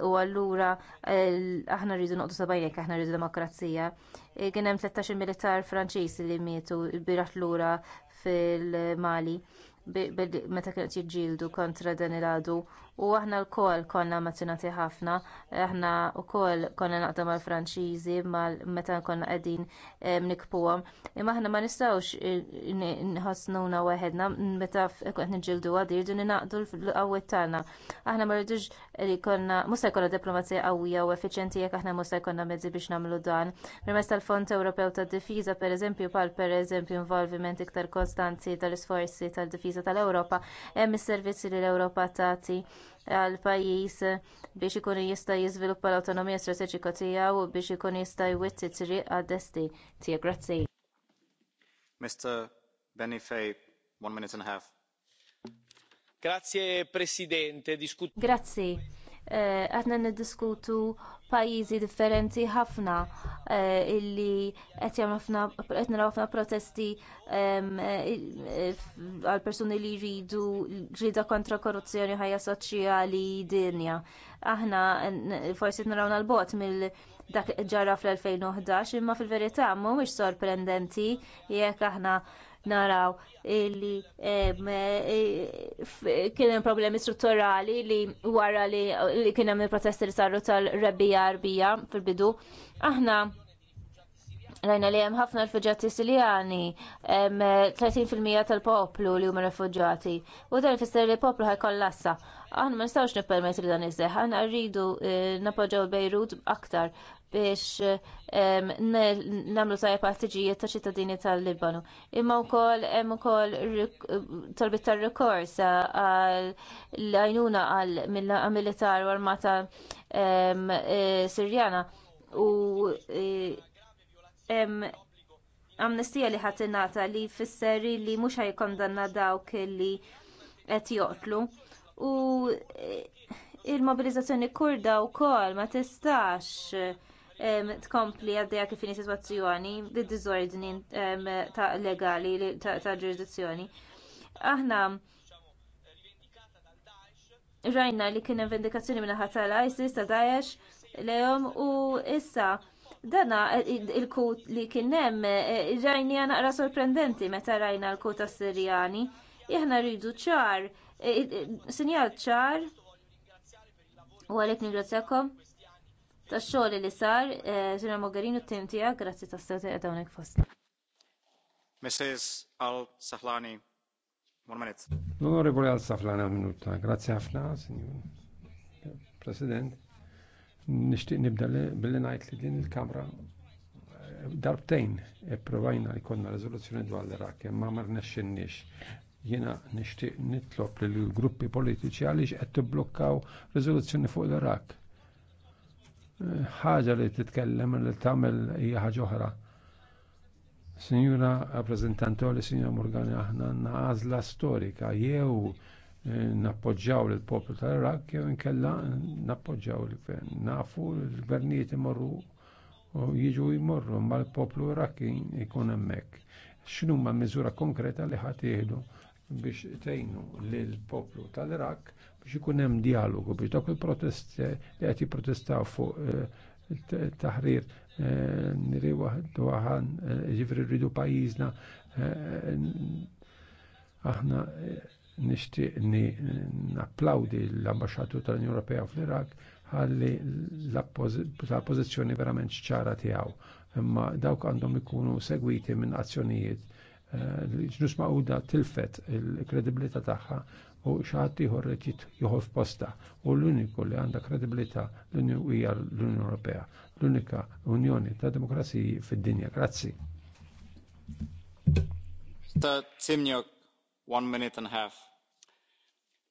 u allura eh, aħna rridu noqdu sabajnek, aħna rridu demokrazija. Eh, kien hemm 13 militar Franċiż li mietu birat lura fil-Mali meta kienet jiġġieldu kontra dan il-għadu u aħna lkoll konna mazzinati ħafna, aħna wkoll konna naqda mal-Franċiżi meta konna qegħdin eh, nikpuhom. Imma aħna ma nistgħux eh, nħossnuna waħedna meta qed niġġieldu għadir din naqdu l-qawwiet tagħna. Aħna ma rridux li konna mhux se jkollna diplomazija qawwija u effiċjenti jekk aħna mhux se jkollna mezzi biex nagħmlu dan. Permezz tal-Fond Ewropew tad-Difiża pereżempju bħal pereżempju involviment iktar kostanti tal-isforzi tal-difiża impriża tal-Ewropa hemm is-servizzi li l-Ewropa tagħti għal pajjiż biex ikun jista' jiżviluppa l-awtonomija strateġika tiegħu biex ikun jista' jwitti triq għad-destin Grazzi. Mr. one minute and a half. Grazie Presidente. Discut- Grazie. Eh, għadna niddiskutu pajjiżi differenti ħafna eh, illi qed naraw ħafna protesti eh, għal persuni li jridu ġrida kontra korruzzjoni ħajja soċjali dinja. Aħna forsi narawna l-bot mill dak ġara fl-2011 imma fil-verità mhumiex sorprendenti jekk aħna naraw li eh, eh, kien hemm problemi strutturali li wara li kien hemm il-protesti li saru tal-rebbija arbija fil-bidu. Aħna rajna li hemm ħafna rifuġati Siljani, hemm 30% tal-poplu li huma rifuġati. U dan ifisser li l-poplu ħajkollassa. Aħna ma nistgħux nippermetti li dan iseħħ, aħna rridu eh, napoġġaw Bejrut aktar biex nagħmlu tajjeb għat ta' ċittadini tal-Libanu. Imma wkoll hemm ukoll talbit tar-rikors għall-għajnuna għal militar u armata e, Sirjana u e, amnestija li ħatinata li fisseri li mhux ħajkondanna dawk li qed joqtlu. U e, il-mobilizzazzjoni kurda wkoll ma tistax tkompli għaddeja kif situazzjoni, sitwazzjoni bid-diżordni ta' legali ta' ġurisdizzjoni. Aħna rajna li kien hemm vendikazzjoni minn tal-ISIS ta' Daesh lehom u issa dana il-kut li kien hemm eh, għana naqra sorprendenti meta rajna l-kut tas-Sirjani. Aħna rridu ċar, eh, eh, sinjal ċar u għalek ningrazzjakom ta' xogħol li sar, Ġena eh, Mogherini u tim tiegħek, grazzi tas-sew tiegħek hawnhekk fostna. Mrs. Al-Sahlani, one minute. L-Onorevole al minuta. Grazzi ħafna, President. Nixtieq nibda billi ngħid li din il-Kamra eh, darbtejn ipprovajna li konna riżoluzzjoni dwar l-Iraq, imma ma rnexxinniex. Jiena nixtieq nitlob l gruppi politiċi għaliex qed tibblokkaw riżoluzzjoni fuq l-Iraq ħaġa li titkellem li tagħmel hija ħaġa oħra. Sinjura rappresentantoli, Sinjura Morgani, aħna għandna għażla storika jew eh, nappoġġaw lill poplu tal-Iraq jew inkella nappoġġaw il-gvern. Nafu l-gvernijiet imorru u jiġu jmorru ma l-poplu Iraqi jkun hemmhekk. X'inhuma miżura konkreta li ħadd biex tgħinu lill poplu tal-Iraq biex ikun hemm dialogu biex dawk il-protest li qed jipprotestaw fuq eh, taħrir eh, niri waħan eh, ġifri rridu pajjiżna aħna nixtieq napplawdi l-ambasċatur tal-Unjoni Ewropea fl-Irak ħalli l-pożizzjoni verament ċara tiegħu. Imma dawk għandhom ikunu segwiti minn azzjonijiet ġnus maquda tilfet il-kredibilità tagħha u xaħat ieħor joħol posta u l-uniku li għandha kredibilità hija l-Unjoni Ewropea, l-unika Unjoni ta' demokrasiji fid-dinja. Grazzi. Mr. Timniok, one minute and a half.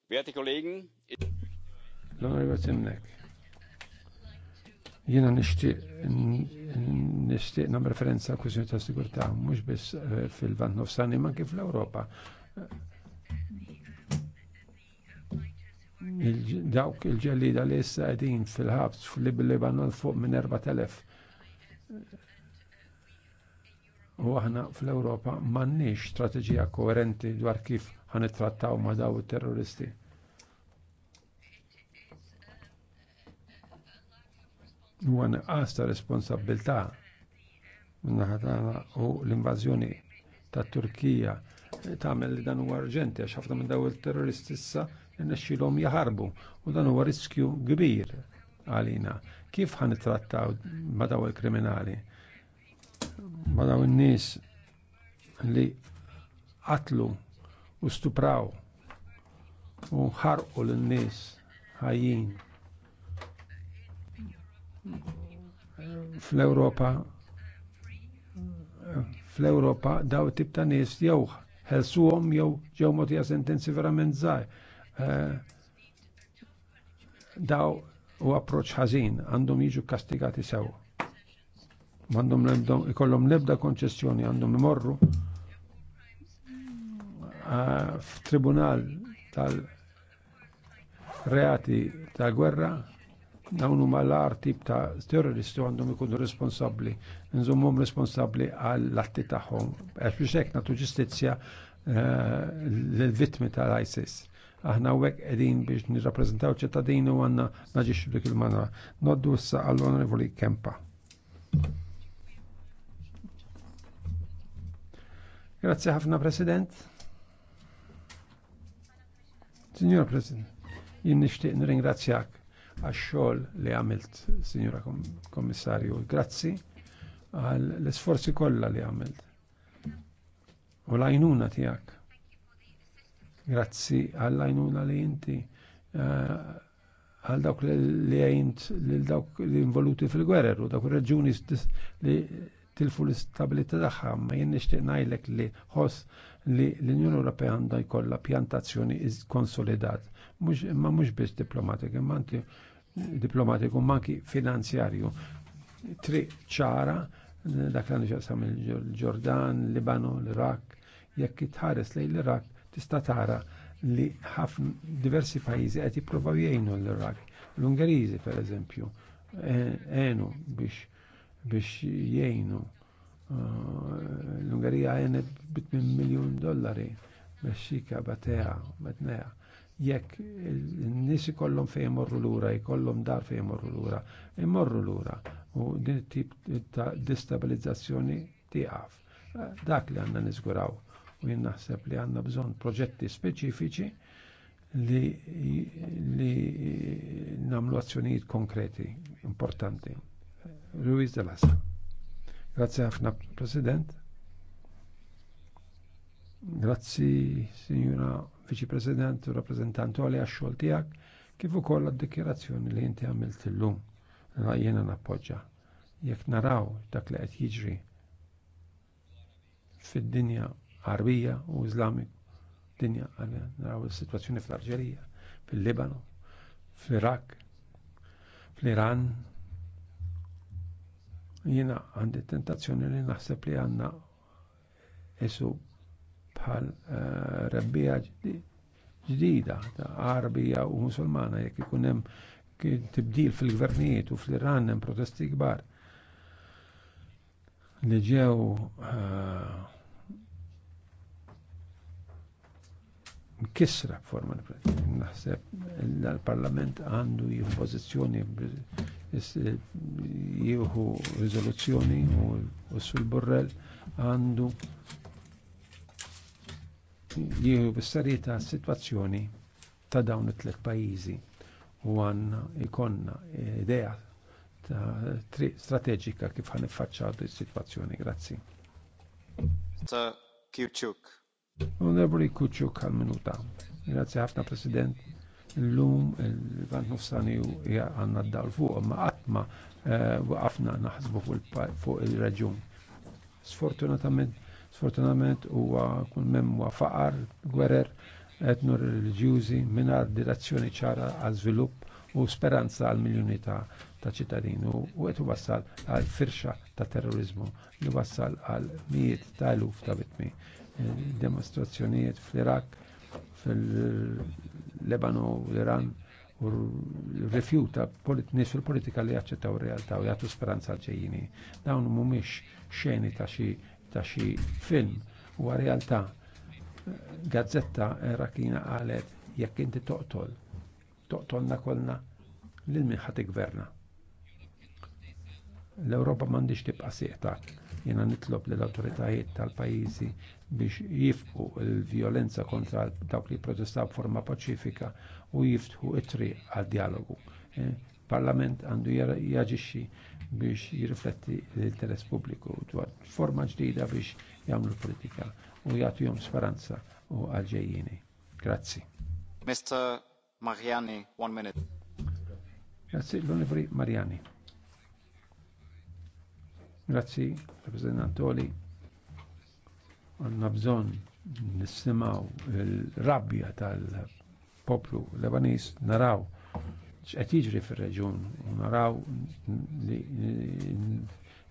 Werte Kollegen, L-Onorevole Timnek, jena nishtiq nam referenza għal ta' sigurta, mux biss eh, fil-Vant Nofsani ma kif l europa dawk il-ġellida li issa qegħdin fil-ħabs fil-Libanon fuq minn 4000. U aħna fl-Ewropa m'għandniex strateġija koerenti dwar kif ħanittrattaw ma' daw it-terroristi. U nqas ta' responsabilità u l-invażjoni tat Turkija tagħmel li dan huwa urġenti għax ħafna minn daw il-terroristi issa jirnexxilhom jaharbu. u dan huwa riskju kbir għalina. Kif ħan trattaw madaw il-kriminali? Madaw il-nis li qatlu u stupraw u ħarqu l nis ħajjin. fl europa fl europa daw tip ta' nies jew ħelsuhom jew ġew mogħtija sentenzi verament żgħar Eh, daw u approċ ħażin għandhom jiġu kastigati sew. Għandhom lebdom ikollhom lebda konċessjoni għandhom imorru eh, f'tribunal tal-reati tal-gwerra dawn huma l-ar tip ta' terroristi għandhom ikunu responsabbli, nżommhom responsabbli għall atti tagħhom. Għax biex hekk nagħtu ġustizzja eh, lill-vittmi tal-ISIS. Aħna hekk qegħdin biex nirrapprezentaw ċittadini u għanna naġixxu dik il-manra. Noddu issa għall-Onorevoli Kempa. Grazie ħafna President. Signor President, jien nixtieq nirringrazzjak għax-xogħol li għamilt, Signora Kommissarju. Grazzi għall-isforzi kollha li għamilt. U l-għajnuna tiegħek. Grazzi għall-għajnuna li inti eh, għal dawk li għajnt lil dawk li involuti fil-gwerer u dawk il-reġuni li tilfu l istabilita tagħha ma jien nixtieq ngħidlek li ħoss li l-Unjoni Ewropea għandha jkollha pjantazzjoni konsolidat, imma mhux biss diplomatik, imma anti diplomatiku ma anki finanzjarju. Tri ċara dak l-għandu il-Ġordan, Libano, l-Irak, jekk itħares lejn l-Irak tista' tara li ħafna diversi pajjiżi qed jippruvaw jgħinu l-Irak. L-Ungeriżi pereżempju e, għenu biex biex jgħinu ah, l-Ungerija għenet bit minn miljon dollari biex xika batea, batnea jekk n-nis fej morru l-ura, jkollhom dar fej morru l-ura, jmorru l-ura u din tip ta' destabilizzazzjoni tieqaf. Dak li għanna nizguraw u jien naħseb li għandna bżonn proġetti speċifiċi li, li namlu azzjonijiet konkreti, importanti. Ruiz de Lassa. Grazie ħafna, President. Grazzi, Signora Viċi President, rappresentantu għalli għaxxol tijak, kif ukoll għad-dikjerazzjoni li inti għamilt l-lum, jena nappoġġa. Jek naraw dak li qed jiġri fid-dinja Arbija u Islamiku. Dinja naraw is-sitwazzjoni fl-Alġerija, fil libano fl-Irak, fl-Iran. Jiena għandi tentazzjoni li naħseb li għandna isu bħal eh, rebbija ġdida ta' Arbija u Musulmana jekk ikun hemm tibdil fil-gvernijiet u fl-Iran hemm protesti kbar li ġew eh, kisra forma naħseb l-Parlament għandu jimpożizzjoni jieħu riżoluzzjoni u sul Borrell għandu jieħu bis-serjetà situazzjoni ta' dawn it-tliet pajjiżi u għanna ikonna idea ta' strateġika kif ħanifaċċaw is-sitwazzjoni. Grazzi. Ta' Kirchuk. Onorevoli Kuċu kal minuta. Grazie ħafna President. L-lum il-Bank Nofsani għanna d-dar fuq, ma għatma eh, waqafna naħsbu fuq il-raġun. Sfortunatament, sfortunatament huwa mem memwa faqar, gwerer, etnur religjuzi, minna direzzjoni ċara għal żvilupp u speranza għal miljoni ta' ċittadini u għetu wassal għal firxa ta' terrorizmu li wassal għal mijiet ta' eluf ta' vittmi. Demonstrazzjonijiet fl-Irak, fil u l-Iran, u rifjuta nis fil-politika li jaċċettaw realtà u jagħtu speranza ġejjini. Dawn mhumiex xeni ta' xi ta' xi film huwa realtà. Gazzetta Irakina qalet jekk inti toqtol, toqtolna kolna lil min ħadd gverna l europa m'għandix tibqa' siħta Jiena nitlob lill autoritajiet tal-pajjiżi biex jifqu l violenza kontra dawk li protestaw b'forma pacifika u jiftħu it-triq għal dialogu. E, Parlament għandu jaġixxi biex jirrifletti l-interess pubbliku dwar forma ġdida biex jagħmlu politika u jagħtu jom speranza u għalġejjini. Grazzi. Mr. Mariani, one minute. Grazzi, l-Onorevoli Mariani. Grazzi, rappresentant Antoli. Għanna bżon nissimaw il-rabbja tal-poplu Lebanis, naraw ċqed jiġri fil-reġun, naraw li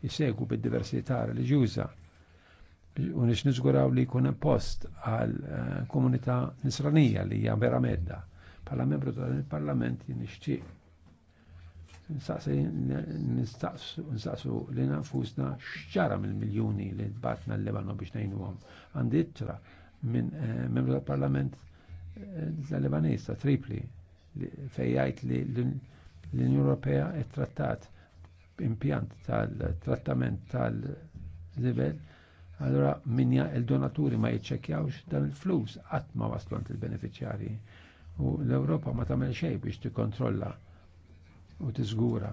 jisegu bid-diversità reliġjuża u nix nizguraw li jkun post għal eh, komunità nisranija li hija vera medda. Parlament membru tal-parlament nixtieq nistaqsu li nafusna xċara mill-miljoni li tbatna l lebanon biex nejnu għom. Għandi ittra minn eh, membru tal-Parlament eh, Lebanis lebanista tripli, fejjajt li l-Unjoni Ewropea trattat impjant tal-trattament tal-livell, allora minja il-donaturi ma jitċekjawx dan il-flus għatma waslant il beneficjari U l-Europa ma tamel xej biex tikkontrolla kontrolla u tiżgura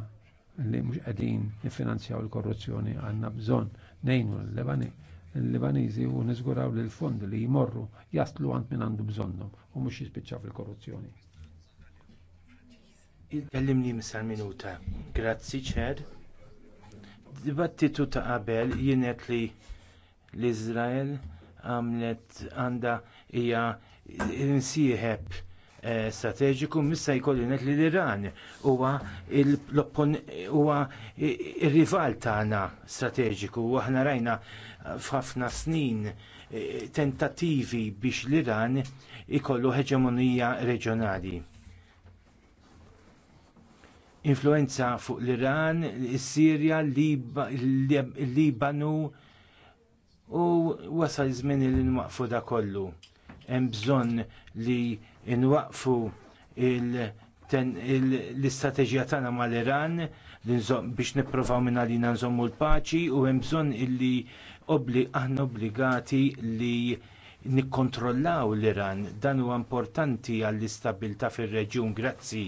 li mhux qegħdin jiffinanzjaw il-korruzzjoni għandna bżonn ngħinu l-Libaniżi u niżguraw li l-fondi li jmorru jaslu għand minn għandu bżonnhom u mhux jispiċċaw fil-korruzzjoni. Kellimni misal minuta. Grazzi ċer. Dibattitu ta' qabel jienet li l-Izrael għamlet għanda hija insieħeb Eh, strateġiku missa jkollu net li l-Iran huwa ir rival tagħna strateġiku u aħna rajna f'ħafna snin eh, tentattivi biex l-Iran ikollu heġemonija reġjonali. Influenza fuq l-Iran, is-Sirja, l-Libanu u wasal żmien li nwaqfu da kollu hemm bżonn li nwaqfu l-istrateġija tagħna mal-Iran biex nipprovaw minn għalina nżommu l-paċi u hemm bżonn illi obli aħna obbligati li nikkontrollaw l-Iran. Dan huwa importanti għall-istabilità fir-reġjun. Grazzi.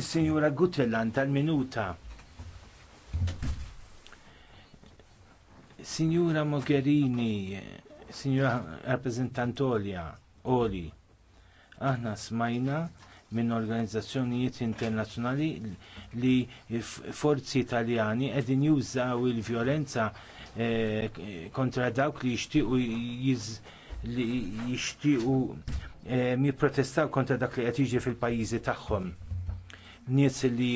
Is-Sinjura Gutelland tal-Minuta. Signora Mogherini, Signora Rappresentantolja, Oli, aħna smajna minn organizzazzjonijiet internazzjonali li forzi italjani qegħdin jużaw il-vjolenza eh, kontra dawk li jixtiequ li eh, mi protestaw kontra dak li qed jiġi fil-pajjiżi tagħhom nies li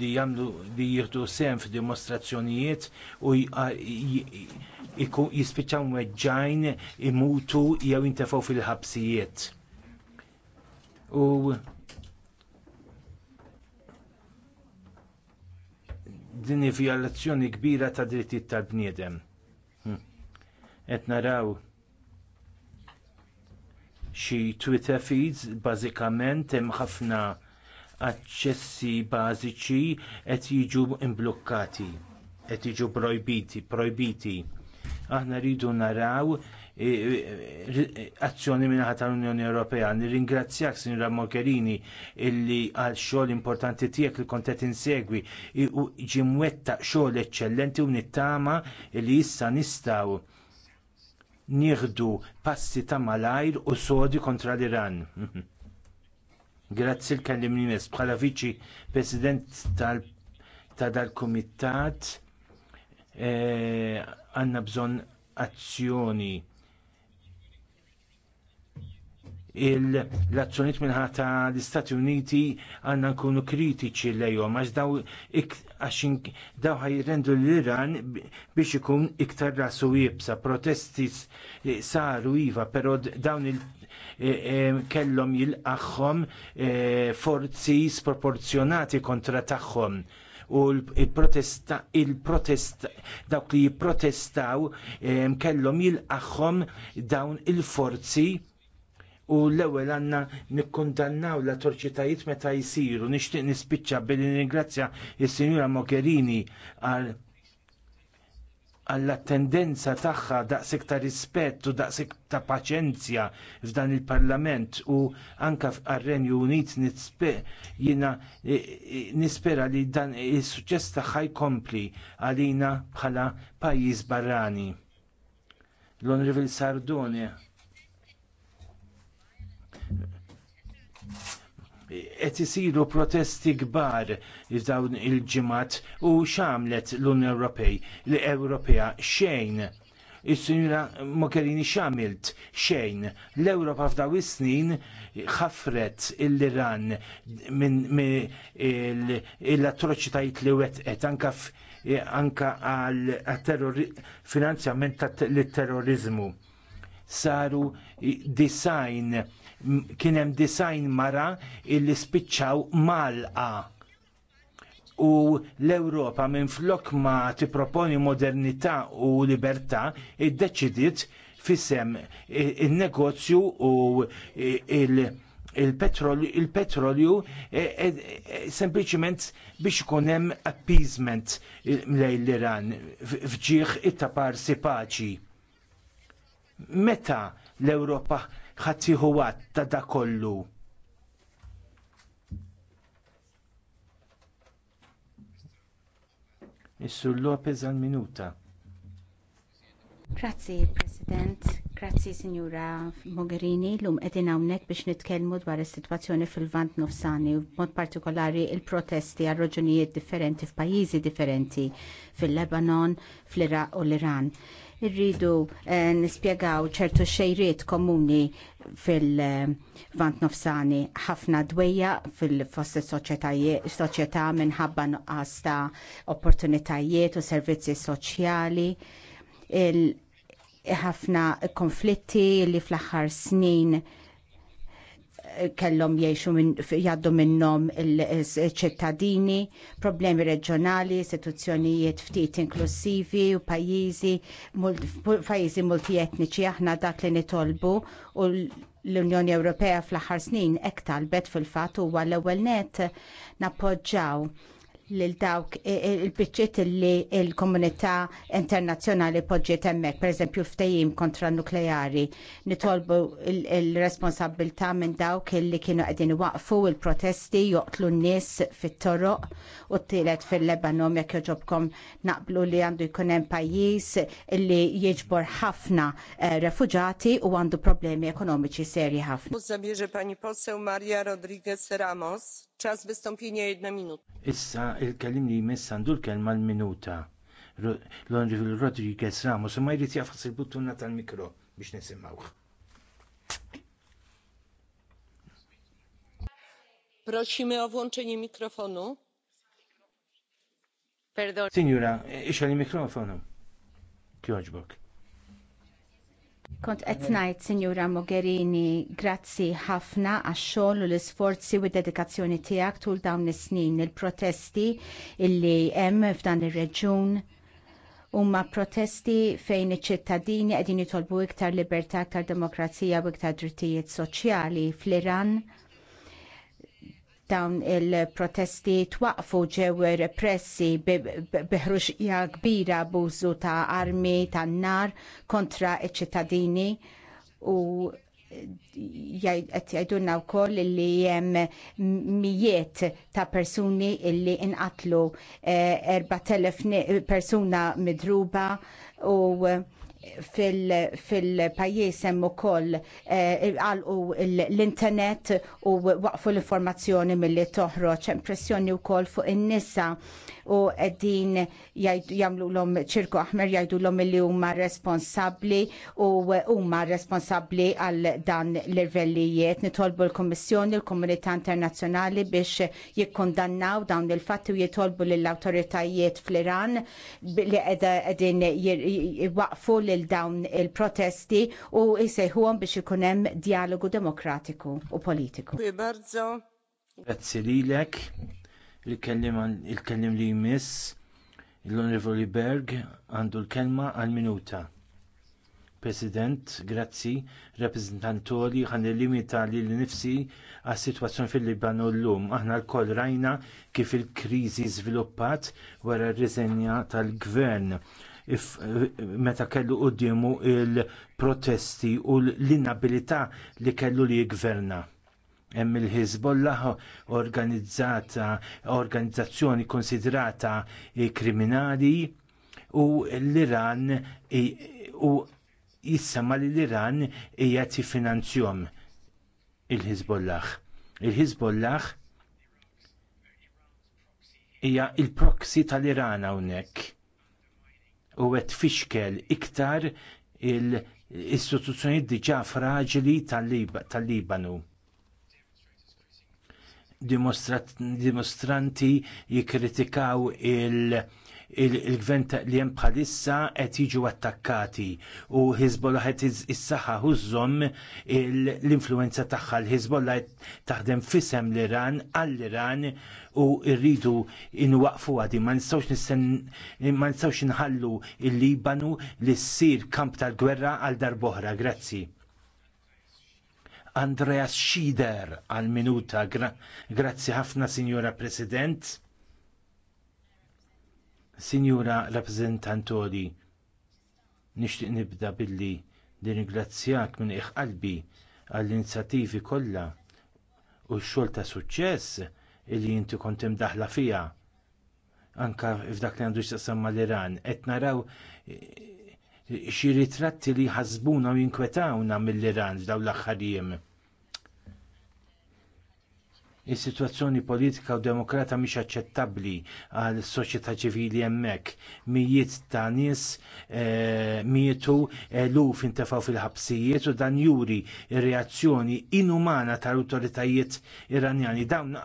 li li jieħdu sehem f'dimostrazzjonijiet u jispiċċaw weġġajn imutu jew jintefgħu fil-ħabsijiet. U din vjolazzjoni kbira ta' drittijiet tal-bniedem. Qed hm. naraw xi Twitter feeds bażikament hemm ħafna aċċessi bażiċi qed jiġu mblukkati, qed jiġu projbiti, projbiti. Aħna rridu naraw e, e, e, azzjoni minnaħa tal-Unjoni Ewropea. Nirringrazzjak, Sinra Mogherini, illi għal xogħol importanti tiegħek li kont qed insegwi u ġimwetta xogħol eċċellenti u nittama li issa nistgħu nieħdu passi ta' malajr u sodi kontra l-Iran. Grazzi l-kellimni nes bħala viċi president tal ta' dal-kumitat eh, għanna bżon bżonn azzjoni. L-azzjoniet ta' l-Istati Uniti għanna nkunu kritiċi lejhom għax daw għaxin daw ħajrendu l-Iran biex ikun iktar rasu jibsa. Protesti saru iva, pero dawn il- E, e, kellhom jilqaħħom e, forzi sproporzjonati kontra tagħhom u il-protesta il-protest dawk li jipprotestaw kellhom jilqaħħom dawn il-forzi u l-ewwel għandna nikkundannaw l-atroċitajiet meta jsiru nixtieq nispiċċa billi ingrazzja is-Sinjura Mogherini għal għall tendenza tagħha daqsik ta' rispett u daqsik ta' paċenzja f'dan il-Parlament u anke ar-Renju Unit jiena e, e, nispera li dan is-suċċess tagħha jkompli għalina bħala pajjiż barrani. L-Onrevil Sardone qed isiru protesti kbar f'dawn il-ġimgħat u x'għamlet l-Unjoni Ewropej l Ewropea xejn. Is-Sinjura Mogherini x'għamilt xejn. L-Ewropa f'daw is-snin ħafret l-Iran minn l-atroċitajiet li wetqet anke anka għal finanzjament lit terrorizmu saru design kien hemm design mara illi spiċċaw malqa. U l-Ewropa minflok ma tipproponi modernità u libertà iddeċidiet fissem il-negozju u il- il-petrolju e, e, e, sempliciment biex ikun hemm appeasement lejn l-Iran fġieħ it-taparsi paċi. Meta l-Ewropa ħatiħu għat ta' da kollu. Mr. Lopez għal minuta. Grazzi, President. Grazzi, Signora Mogherini. Lum edin hawnhekk biex nitkellmu dwar is-sitwazzjoni fil-Vant Nofsani, b'mod partikolari il-protesti għal raġunijiet differenti f'pajjiżi differenti fil-Lebanon, fl-Iraq u l-Iran. Irridu eh, nispjegaw ċertu xejriet komuni fil-vant nofsani ħafna dwejja fil-fost soċjetà minħabba nuqqas ta' opportunitajiet u servizzi soċjali ħafna konflitti li fl-aħħar snin kellhom jgħixu min, jgħaddu minnhom il-ċittadini, problemi reġjonali, istituzzjonijiet ftit inklusivi u pajjiżi pajjiżi multietniċi aħna dak li nitolbu u l-Unjoni Ewropea fl-aħħar snin hekk talbet fil-fatt huwa l-ewwel net nappoġġaw lil dawk il bicċiet li l-komunità internazzjonali poġġiet hemmhekk, pereżempju ftejim kontra nukleari, nitolbu il-responsabilità minn dawk li kienu qegħdin waqfu il-protesti joqtlu n-nies fit-toroq u t tilet fil-Lebanon jek joġobkom naqblu li għandu jkun hemm pajjiż li jiġbor ħafna eh, refugġati u għandu problemi ekonomiċi serji ħafna. Mużam pani poseł Maria Rodriguez Ramos. Ċas wystąpienia jedna minuta. Issa il-kelim li jmiss għandu l-kelma l-minuta. L-Onrivil Rodriguez Ramos ma jrid jafas il-buttuna tal-mikro biex nisimgħuh. Prosimy o włączenie mikrofonu. Perdon. Signora, e- ixħal il-mikrofonu. Kjoġbok. Kont qed ngħid, Sinjura Mogherini, grazzi ħafna għax-xogħol u l-isforzi u d-dedikazzjoni tiegħek tul dawn is-snin il-protesti illi hemm f'dan ir-reġjun Umma protesti fejn iċ-ċittadini qegħdin jitolbu iktar libertà, iktar demokrazija u iktar drittijiet soċjali fl-Iran dawn il-protesti twaqfu ġew repressi biħruxija kbira bużu ta' armi tan nar kontra ċ ċittadini u qed jgħidulna wkoll li hemm mijiet ta' persuni illi inqatlu 4000 eh, persuna midruba u fil-pajjiż hemm ukoll eh, għalqu l-internet u waqfu l-informazzjoni milli toħroġ impressjoni wkoll fuq in-nisa u qegħdin jagħmluhom ċirku aħmer jgħidulhom milli huma responsabbli u huma responsabbli għal dan l-irvellijiet. Nitolbu l-Kummissjoni l-Komunità Internazzjonali biex jikkondannaw dawn il-fatti u jitolbu lill-awtoritajiet fl-Iran li qegħdin waqfu l lil dawn il-protesti u jsejħuhom biex ikun hemm dialogu demokratiku u politiku. Grazzi lilek, il-kellim li jmiss, l-Onorevoli Berg għandu l-kelma għal-minuta. President, grazzi, rappresentantoli, għan il-limita li l-nifsi għas situazzjoni fil-Libanu l-lum. Aħna l-koll rajna kif il-krizi zviluppat wara r-riżenja tal-gvern Eh, meta kellu qudiemu l protesti u l-inabilità li kellu li jgverna. Hemm il-Hizbollah organizzata organizzazzjoni konsidrata kriminali u l-Iran u jissama li l-Iran hija tiffinanzjom il-Hizbollah. Il-Hizbollah hija il-proxy tal-Iran hawnhekk u għet fixkel iktar il-istituzzjoni diġà fraġili tal-Libanu. Dimostranti jikkritikaw il- il-gvern li hemm bħalissa qed jiġu attakkati u Hezbollah qed issaħħa użżomm l-influenza tagħha l-Hezbollah taħdem fisem l-Iran għall-Iran u rridu inwaqfu għadi ma nistgħux inħallu il-Libanu li ssir kamp tal-gwerra għal darboħra. Grazzi. Andreas Schieder għal minuta. grazzi ħafna, Signora President. Sinjura Rappresentantori, nixtieq nibda billi nirringrazzjak minn qalbi għall-inizjattivi kollha u x-xogħol ta' suċċess illi inti kont imdaħla fiha. Anke f'dak li għandu x'taqsam mal-Iran, qed naraw e, e, xi ritratti li ħasbuna u jinkwetawna mill-Iran f'dawn l-aħħar jiem Is-sitwazzjoni politika u demokrata mhix aċċettabbli għal soċjetà ċivili hemmhekk. Mijiet ta' nies eh, mietu eluf intefgħu fil-ħabsijiet u dan juri ir-reazzjoni inumana tal-awtoritajiet Iranjani. Dawn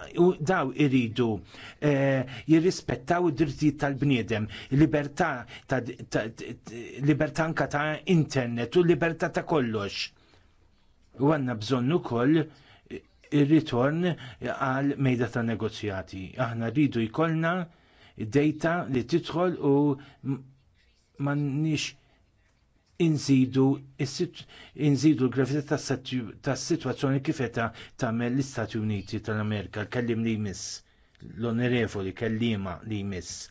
daw iridu eh, jirrispettaw id-drittijiet tal-bniedem, libertà ta, ta, ta, libertà anka ta' internet u libertà ta' kollox. U għandna bżonn ukoll ir-ritorn għal mejda ta' negozjati. Aħna rridu jkollna data li tidħol u m'għandniex inżidu inżidu l-gravità tas-sitwazzjoni kif qed tagħmel l-Istati Uniti tal-Amerika kellim li jmiss l-onorevoli kelliema li jmiss.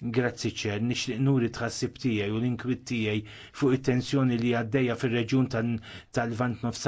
Grazzi ċer, nixtieq nuri tħassib tiegħi u l-inkwit tiegħi fuq it-tensjoni li għaddejja fir-reġjun tal-Vant Nofsa